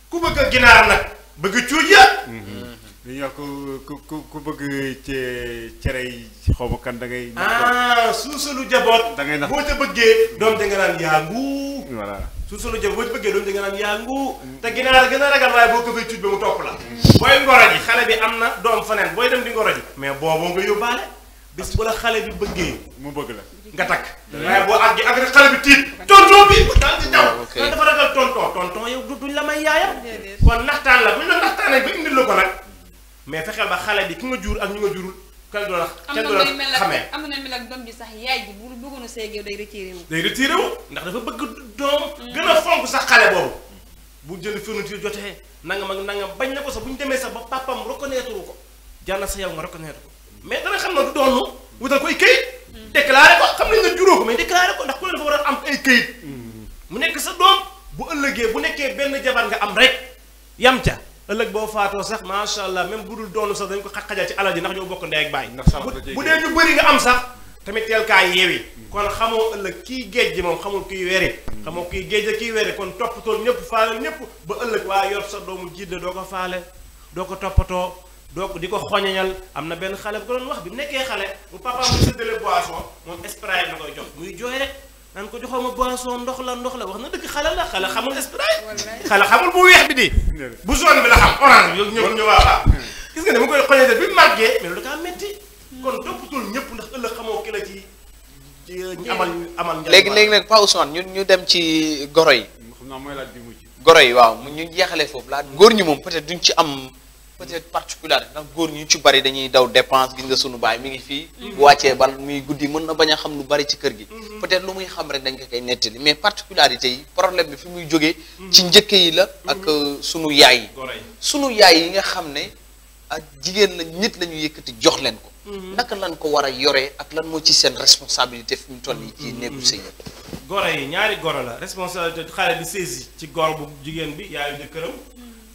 ku bëgg ginaar nag bëgg cuuj ya li mm-hmm. ñuy ku ku ku bëgg ce cere yi xobu kan da ngay. ah suusalu jaboot. da ngay nax boo ca bëggee doom da nga naan yaa ngu. voilà suusalu jaboot boo ca bëggee doom da nga naan yaa ngu. te ginaar gën a ragal waaye boo ko fay cuuj ba mu topp la. booy ngoro ji xale bi am na doom faneen booy dem di ngoro ji. mais booboo nga yóbbaale. bis bu la xale bi bëggee mu bëgg la nga takk. waaye boo àggee ak rek xale bi tiit tonton bi daal di daw. Ah, ok dafa ragal tonton tonton yow duñ la may yaayam. kon la buñ la naxtaanee ba indil ko nag. mais fexeel ba xale bi ki nga jur ak ñu nga jurul kenn du la kenn du la xamee am na mel sax yaay ji bu bëggoon a seegee day retiré wu. ndax dafa bëgg doom. Mm. gën a fonk sax xale boobu. bu jënd fourniture jotee nangam ak nangam bañ na ko sax bu ñu demee sax ba papam reconnaître ko jàll sa yow nga reconnaître ko mais dana xam na du doonu wutal koy këyit déclaré ko xam nañ nga juróo ko mais déclaré ko ndax ku ne dafa war am ay këyit mu nekk sa doom bu ëllëgee bu nekkee benn jabar nga am rek yam ca ëllëg boo faatoo sax macha allah même bu dul doonu sax dañ ko xajal ci alal ji ndax ñoo bokk ndey ak baay bu dee ñu bëri nga am sax tamit teel kaa yeewi mm. kon xamoo ëllëg kii géej gi moom xamul kiy weri mm. xamoo kiy géej a kiy kon toppatoo ñëpp faale ñëpp ba ëllëg waa yor sa doomu jiit doo ko faale doo ko toppatoo donc di ko xoñañal am na benn xale bu ko doon wax bi mu nekkee xale mu papa mu séddale boisson moom Sprite la koy jox muy jooy rek naan ko joxoo ma ndox la ndox la wax na dëgg xale la xale xamul Sprite xale xamul bu weex bi di bu jaune bi la xam orange bi ñëw ñëw waa gis nga ne mu koy xoñañal bi mu màggee mais lu kaa metti kon toppatul ñëpp ndax ëllëg xamoo ki la ci euh, amal amal léegi léegi nag Pa Ousmane ñun ñu dem ci goro yi goro yi waaw mu ñu jeexale foofu laa góor ñi moom peut-être duñ ci am peut-être particulier ndax góor ñu ci bari dañuy daw dépense gis nga sunu baay mi ngi fii wàccee bal muy guddi mën na bañ a xam lu bari ci kër gi mhm. peut-être lu muy xam rek dañ ko koy nettali mais particularité yi problème bi fi muy jógee ci njëkk yi la mhm. ak euh, sunu yaay yi sunu yaay yi nga xam ne ak jigéen la nit la ñu yëkkati jox leen ko mhm. naka lan ko war a yore ak lan moo ci seen responsabilité fu mu toll yi ci néegu sëy goro yi ñaari goro la responsabilité xale bi saisi ci gor bu jigéen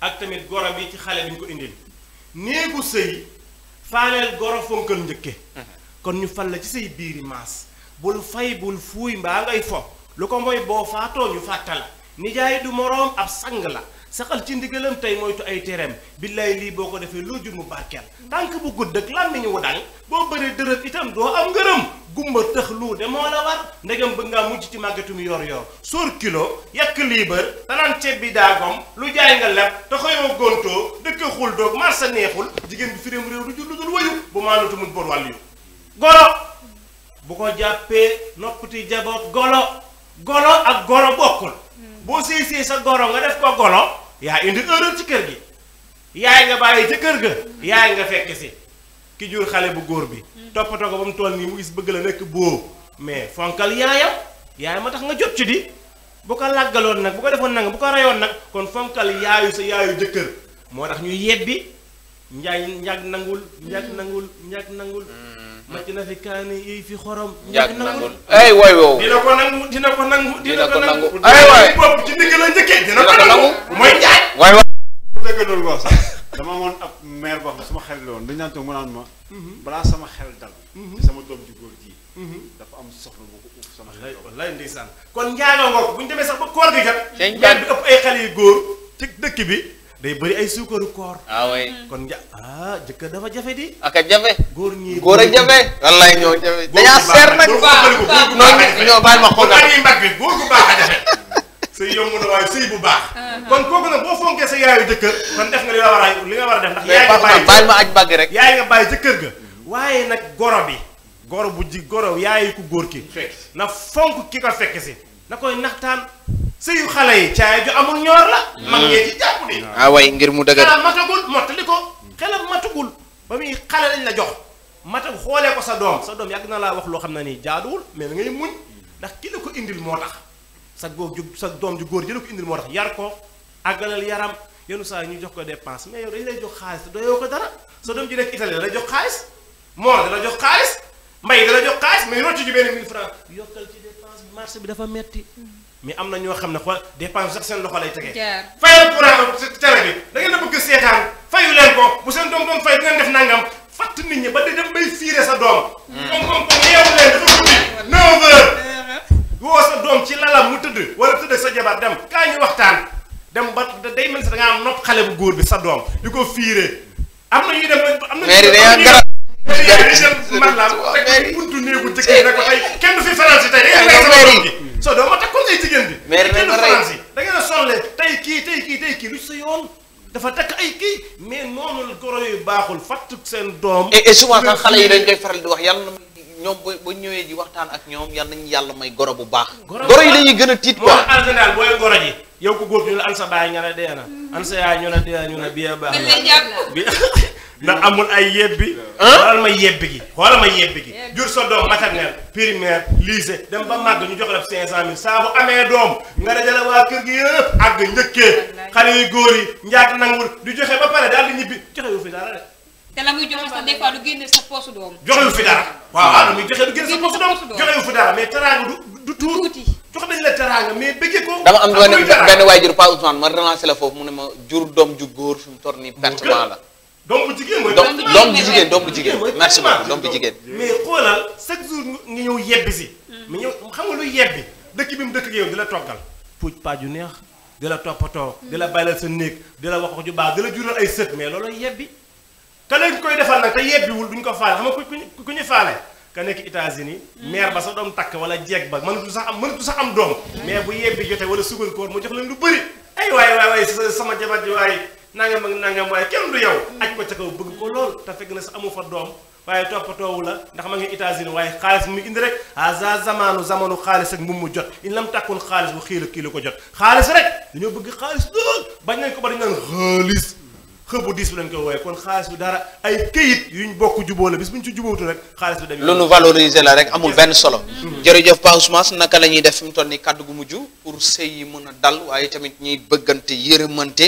ak tamit goro bi ci xale bi ñu ko indil néegu sëy faaleel goro fonkal njëkke kon ñu fal la ci say biiri maas bul fay bul fuuy mbaa ngay fo lu ko mooy boo faatoo ñu fàttal la nijaay du moroom ab sang la saxal ci ndigalam tey moytu ay tereem billaay lii boo ko defee loo jur mu barkeel tànk bu gudd ak làmmiñ wu dang boo bëree dërët itam doo am ngërëm gumba tëx lu de moo la war ndegam bëgg ngaa mujj ci màggetum yor yor soor kilo yàq liibar tanaan ceeb bi daagom lu jaay nga leb te xëyoo gontoo dëkk xul doog marsa neexul jigéen bi fi réew réew du jur lu dul wayu bu maanatu muj bor wàll yu golo bu ko jàppee noppati jaboot golo golo ak golo bokkul hmm. boo séy sa goro nga def ko golo yaa indi erreur ci kër gi yaay nga bàyyi ca kër ga yaay nga fekk si ki jur xale bu góor bi toppatoo ko ba mu tool nii mu gis bëgg la nekk boo mais fonkal yaayam yaay ma tax nga jot ci di bu ko làggaloon nag bu ko defoon nag bu ko reyoon nag kon fonkal yaayu sa yaayu jëkkër moo tax ñu yebbi njaay njag nangul njag nangul njag nangul màcc na fi kaani yi fi xorom. njaag nangul ay waay woowu. dina ko nangu dina ko nangu. ko nangu ay waay bopp ci digg la njëkkee. dina ko nangu mooy njaay. waay waay. dëgg loolu wax sax dama amoon ab maire boo xam ne sama xel la woon dañu naan toog mu ma. balaa sama xel dal. sama doom ju góor ji. dafa am soxla boo ko uuf sama xel. wallaay ndeysaan kon njaaga ngoog bu ñu demee sax ba koor gi kat. seen njaag bi ëpp ay xale yu góor ci dëkk bi day bëri ay suukaru koor. waaw ah, mm-hmm. kon ja ah jëkkër dafa jafe di. ak a jafe. góor ñi góor a jafe. wallaay ñoo jafe. dañaa seer nag ñoo baal ma xool bi góor bu baax a jafe. sëy yomb na waaye sëy bu baax. Mm-hmm. kon kooku nag boo fonkee sa yaayu jëkkër. kon def nga li nga war a li war a def ndax. yaay nga bàyyi baal ma aj bàgg rek. jëkkër ga. waaye nag goro bi. goro bu ji goro yaayu ku góor ki. na fonk ki ko fekk si. na koy naxtaan sëyu xale yi caaya ju amul ñor la. mag ngee ci jàpp de. ah way ngir mu dëgër xelam matagul li ko xelam matagul ba muy xale lañ la jox matagul xoolee ko sa doom sa doom yàgg naa laa wax loo xam ne nii jaaduwul mais da ngay muñ ndax ki la ko moo tax sa góor ju sa doom ju góor jëla indil moo yar ko àggalal yaram yenn saa ñu jox ko dépense mais yow dañu lay jox xaalis te doyoo ko dara sa doom ji nekk jox xaalis Mor da la jox xaalis Mbaye da la jox xaalis mais rocc ju benn 1000 francs yokkal ci dépense marché bi dafa metti mais am na ñoo xam ne xool dépense sax seen loxo lay tege. jaar fayal na ci télé bi da ngeen a bëgg seetaan fayu leen ko bu seen doom doom fay du ngeen def nangam fatt nit ñi ba di def bay fiire sa doom. comme comme comme yeewu leen dafa guddi 9 heures. woo sa doom ci lalam mu tëdd wala sa jabar dem kaa ñu waxtaan dem ba day mel sa da am nopp xale bu góor bi sa doom di ko fiire am na ñuy dem am na ñuy mais man si tey so doo ma takkoon ngay jigéen bi. mais ren nga rey da tey kii tey kii tey kii lu sa yoon. dafa takk ay kii mais noonu goro yu baaxul fatt seen doom. su et souvent xale yi dañ koy faral di wax yàlla ñoom ba ba ñëwee ji waxtaan ak ñoom yàlla nañu yàlla may goro bu baax. goro yi lañuy gën a tiit quoi. en général booy goro ji. yow ko góor ñu ne an sa baay nga ne dee na. an sa yaay ñu ne dee ñu ne biyee baax na. ndax amul ay yebbi. xoolal ma yebbi gi ma yebbi gi. jur sa doom maternelle primaire lycée dem ba màgg ñu jox la 500000 saa amee doom nga dajale waa kër gi yëpp àgg njëkkee xale yu góor yi njaag nangul du joxe ba pare daal di ñibbi joxe wu fi dara de. fi dara. waaw waaw muy joxe du génne sa poche doom joxe wu fi dara mais teraanga du du tuuti. jox nañ la teraanga mais bëggee dama am benn benn waay jur Pa Ousmane ma relancé la foofu mu ne ma jur doom ju góor fi mu toll nii pertement doom bu jigéen mooy. doom doom bu jigéen doom bu jigéen. merci beaucoup doom bu jigéen. mais xoolal chaque jour nga ñëw yebbi si. mais ñëw xam nga luy yebbi dëkk bi mu dëkk ak di la toggal. puuj paaj yu neex di toppatoo. di la bàyyilal sa néeg di wax ju baax di la jural ay mais looloo yebbi. ka koy defal nag te yebbiwul duñ ko faale xam nga ku ku ñu faale. ka nekk États-Unis ba sa doom takk wala jeeg ba mënatu sax am mënatu sax am doom. Mm. mais bu yebbi jotee wala sugal koor mu jox leen lu bëri. ay waay waay waay sama jabar ji waay nangam ak nangam waaye kenn du yow mm. aj ko ca kaw bëgg ko lool te fekk na sa amu fa doom waaye toppatoowu la ndax ma ngi États-Unis waaye xaalis mu indi rek sa zamanu zamanu xaalis ak mum mu jot in lam tàkkun xaalis bu xiila kii la ko jot xaalis rek dañoo bëgg xaalis lool bañ nañ ko ba dañ naan xaalis këpp bu diis bi lañ koy wooye kon xaalis bi dara ay këyit ñu bokk juboo la bis buñ ci jubootu rek xaalis bi dañuy. lu nu valoriser la rek amul benn solo. Mm-hmm. jërëjëf Paa Ousmane naka la ñuy def fi mu toll nii kàddu gu mujj pour sëy yi mën a dal waaye tamit ñuy bëggante yërëmante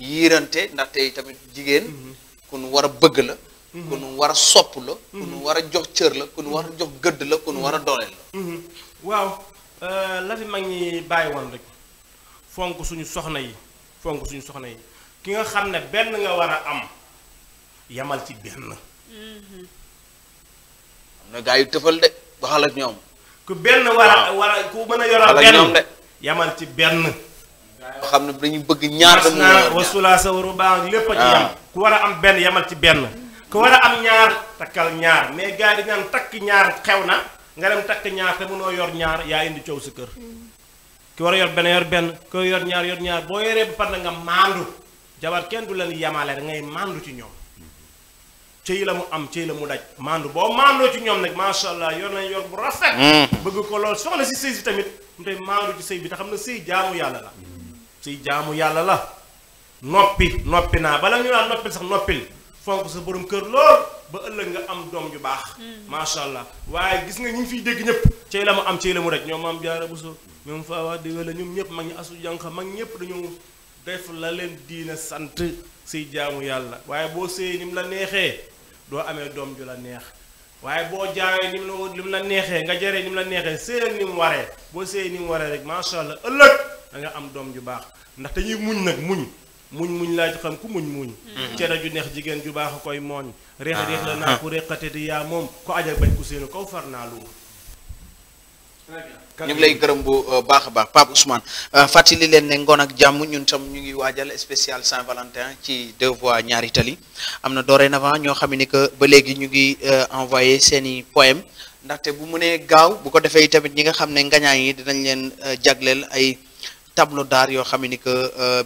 yiirante ndaxte tamit jigéen. Mm-hmm. kon nu war a bëgg la. ku nu mm-hmm. war a sopp la. ku nu war a jox cër la ku nu jox gëdd la ku nu war a dooleel la. waaw euh, la fi mag ñi bàyyi woon rek fonk suñu soxna yi fonk suñu soxna yi. ki nga xamne ne nga wara am yamal ci benn hmm na gaay yu de waxal ak ñom ku ben wara wara ku meuna yoral ben yamal ci ben xam ne dañu bëgg ñaar da mu wasula sa waru lepp ci yam ah. ku wara am ben? yamal ci ben ku wara am ñaar takal ñaar mais gaay di ñaan tak ñaar xewna na nga dem tak ñaar te mëno yor ñaar ya indi ciow su kër mm. ki wara yor ben yor ben, ko yor ñaar yor ñaar bo yoree ba par nga mandu jabar kenn du leen yamaale rek ngay màndu ci ñoom cëy la mu am cëy la mu daj màndu boo màndoo ci ñoom nag macha allah yor nañ yor bu rafet mm-hmm. bëgg ko lool soxna si sëy si tamit mu tey màndu ci sëy bi te xam ne sëy jaamu yàlla la sëy jaamu yàlla la noppi noppi naa bala ñu naan noppil sax noppil fonk sa boroom kër lool ba ëllëg nga am doom ju baax mm-hmm. macha allah waaye gis nga ñu ngi fiy dégg ñëpp cëy la mu am cëy la mu daj ñoom am jaara bu so ñoom faa wax dëgg ñëpp mag ñi asu jànq mag ñëpp dañoo def la leen diina sant si jaamu yàlla waaye boo séyee ni mu la neexee doo amee doom ju la neex waaye boo jaawee ni mu li mu la neexee nga jaree ni mu la neexee séyal ni mu waree boo séyee ni mu waree rek macha allah ëllëg danga am doom ju baax ndax dañuy muñ nag muñ muñ muñ laaj ci xam ku muñ muñ mm-hmm. cere ju neex jigéen ju baax a koy mooñ ah. réex réex la naa ko réqate di yaa moom ko ajal bañ ku séenu kaw far naa lu ñu lay gërëm bu euh, baaxa baax Pape Ousmane euh, fàttali leen ne ngon ak jàmm ñun tam ñu ngi waajal spécial Saint-Valentin ci deux voix ñaari tali am na dorénavant ñoo xam ni que ba léegi ñu ngi euh, envoyé seen i poème ndaxte bu mu nee gaaw bu ko defee tamit ñi nga xam ne yi dinañ leen jagleel ay tableau d'art yoo xam ni que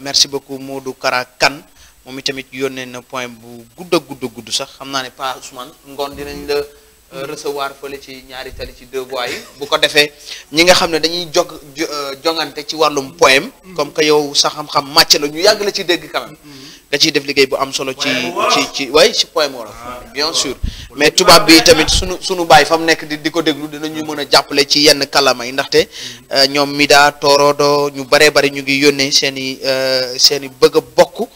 merci beaucoup Modou Kara Kan moom itamit yónnee na poème bu gudd a gudd gudd sax xam naa ne Pape Ousmane ngon dinañ la. recevoir fële ci ñaari tali ci deux voies yi bu ko defee ñi nga xam ne dañuy jog euh, jongante ci wàllum poème mm. comme que yow sa xam-xam màcc la ñu yàgg la ci dégg quand même nga mm. ciy def liggéey bu am solo ci ci ci way ci poème wolof ah, bien sûr mais tubaab bi tamit sunu sunu baay fa mu nekk di di ko déglu dinañu mën a jàppale ci yenn kalama yi ndaxte mm. euh, ñoom Mida Torodo ñu baree bari ñu ngi yónnee seeni i euh, seen i bëgg a bokk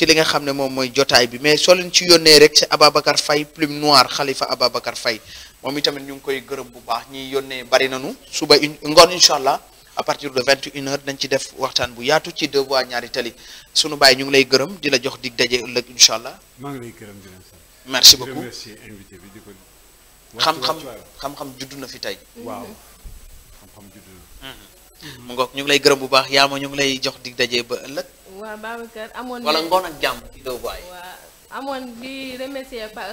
ci li nga xam ne moom mooy jotaay bi mais soo leen ci yónnee rek ci Ababacar Faye plume noire Khalifa Ababacar Faye moom itamit ñu ngi koy gërëm bu baax ñi yónnee bari nañu suba ngoon incha allah à de vingt et une heures dañ ci def waxtaan bu yaatu ci deux voies ñaari tali sunu bàyyi ñu ngi lay gërëm di la jox dig daje ëllëg incha allah. maa ngi lay gërëm di leen sant. merci beaucoup remercier bi di ko. xam-xam xam-xam juddu na fi tey. waaw xam-xam juddu na. mu ñu ngi lay gërëm bu baax yaa ma ñu ngi lay jox dig dajee ba ëllëg. waaw Babacar amoon wala ngoon ak jàmm ci Dóobaay. waaw amoon di remercier Pa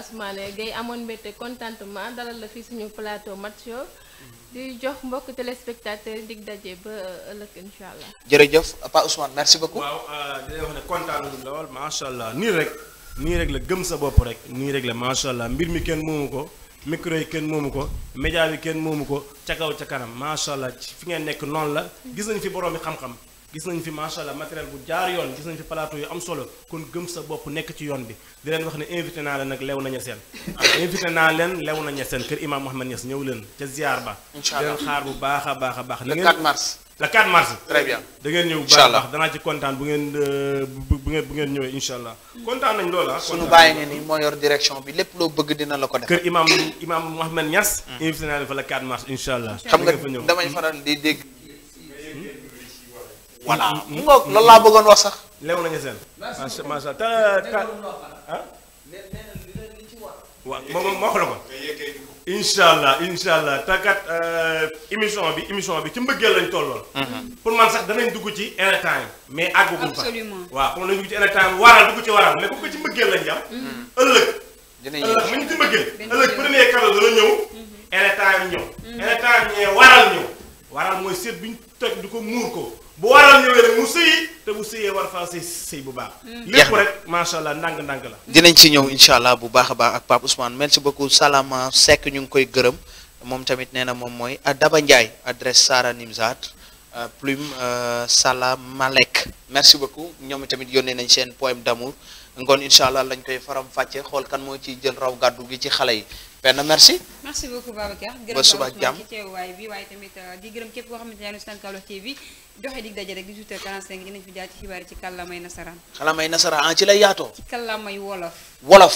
amoon mbégte contentement dalal la fii suñu plateau Match Show mm-hmm. di jox mbokk téléspectateur dig daje ba ëllëg incha allah. jërëjëf Pa Ousmane merci beaucoup. waaw euh, di wax ne kontaan nañu lool macha allah nii rek nii rek la gëm sa bopp rek nii rek la macha allah mbir mi kenn moomu ko. micro yi kenn moomu ko média bi kenn moomu ko ca kaw ca kanam macha allah fi ngeen nekk noonu la mm-hmm. gis nañu fi borom bi gis nañ fi macha allah matériel bu jaar yoon gis nañ fi plateau yu am solo kon gëm sa bopp nekk ci yoon bi di wax ne invité naa leen nag lew na ñeseen invité naa leen lew na ñeseen kër Imam Mouhamed Niass ñëw a baax kontaan bu ngeen bu ngeen bu ngeen ñëwee insha allah kontaan nañ loola ah. suñu bàyyi ne ni moo loo bëgg dina la ko def kër Imam Imam Mouhamed Niass invité naa leen fa le 4 mars insha allah xam nga damay faral di dégg voilà mu mm, mm, ngoog mm, loolu laa bëggoon wax sax. lew nañu seen. macha macha te ka ah. waaw moom moo wax la ko. incha allah incha allah te kat euh, émission bi émission bi ci mbëggeel lañ tolloon. Mm-hmm. pour man sax danañ dugg ci élection yi. mais àggagum fa waaw pour nañ dugg ci élection yi waral dugg ci waral mais bu ko ci mbëggeel lañ yam mm-hmm. ëllëg. dinañ ëllëg mu ñu ci mbëggeel. ëllëg premier cadeau dana ñëw. élection mm-hmm. ñëw. élection yi waral ñëw. waral mooy seet bi ñu toj du ko muur ko bu waral ñëwee rek mu sëyi te bu sëyee war faa sëy bu baax. Mm. lépp rek macha allah ndànk-ndànk la. dinañ si ñëw incha allah bu baax a baax ak Pape Ousmane merci beaucoup Salama Seck ñu ngi koy gërëm moom tamit nee na moom mooy Daba Ndiaye adresse Sara Nimzat euh, plume euh, Salamalek merci beaucoup ñoom tamit yónnee nañ seen poème d'amour ngoon incha allah lañ koy faram fàcce xool kan moo ciy jël raw gàddu gi ci xale yi. benn merci. merci beaucoup Babacar. ba suba ak jàmm gërëm ci teewaay bi waaye tamit euh, di gërëm képp koo xamante ne yaa ngi seetaan Kaolack TV doxe dig daje rek 18h45 dinañ fi jaar ci xibaar yi ci kàllaamay nasaraan. kàllaamay nasaraan ah, ci lay yaatoo. ci kàllaamay wolof. wolof.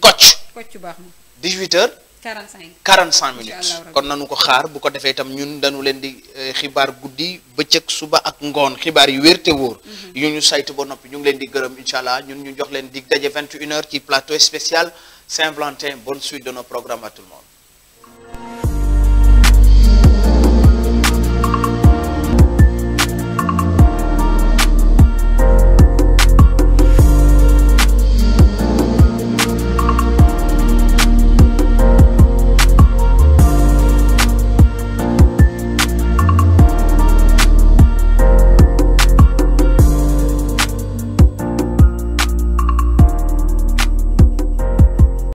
kocc kocc baax na. 18h. 45 45 minutes kon nanu ko xaar bu ko defee itam ñun dañu leen di euh, xibaar guddi bëccëg suba ak ngoon xibaar yu wér te wóor. Mhm. yu ñu saytu ba noppi ñu ngi leen di gërëm incha allah ñun ñu jox leen di daje 21h ci plateau spécial. Saint-Valentin, bonne suite de nos programmes à tout le monde.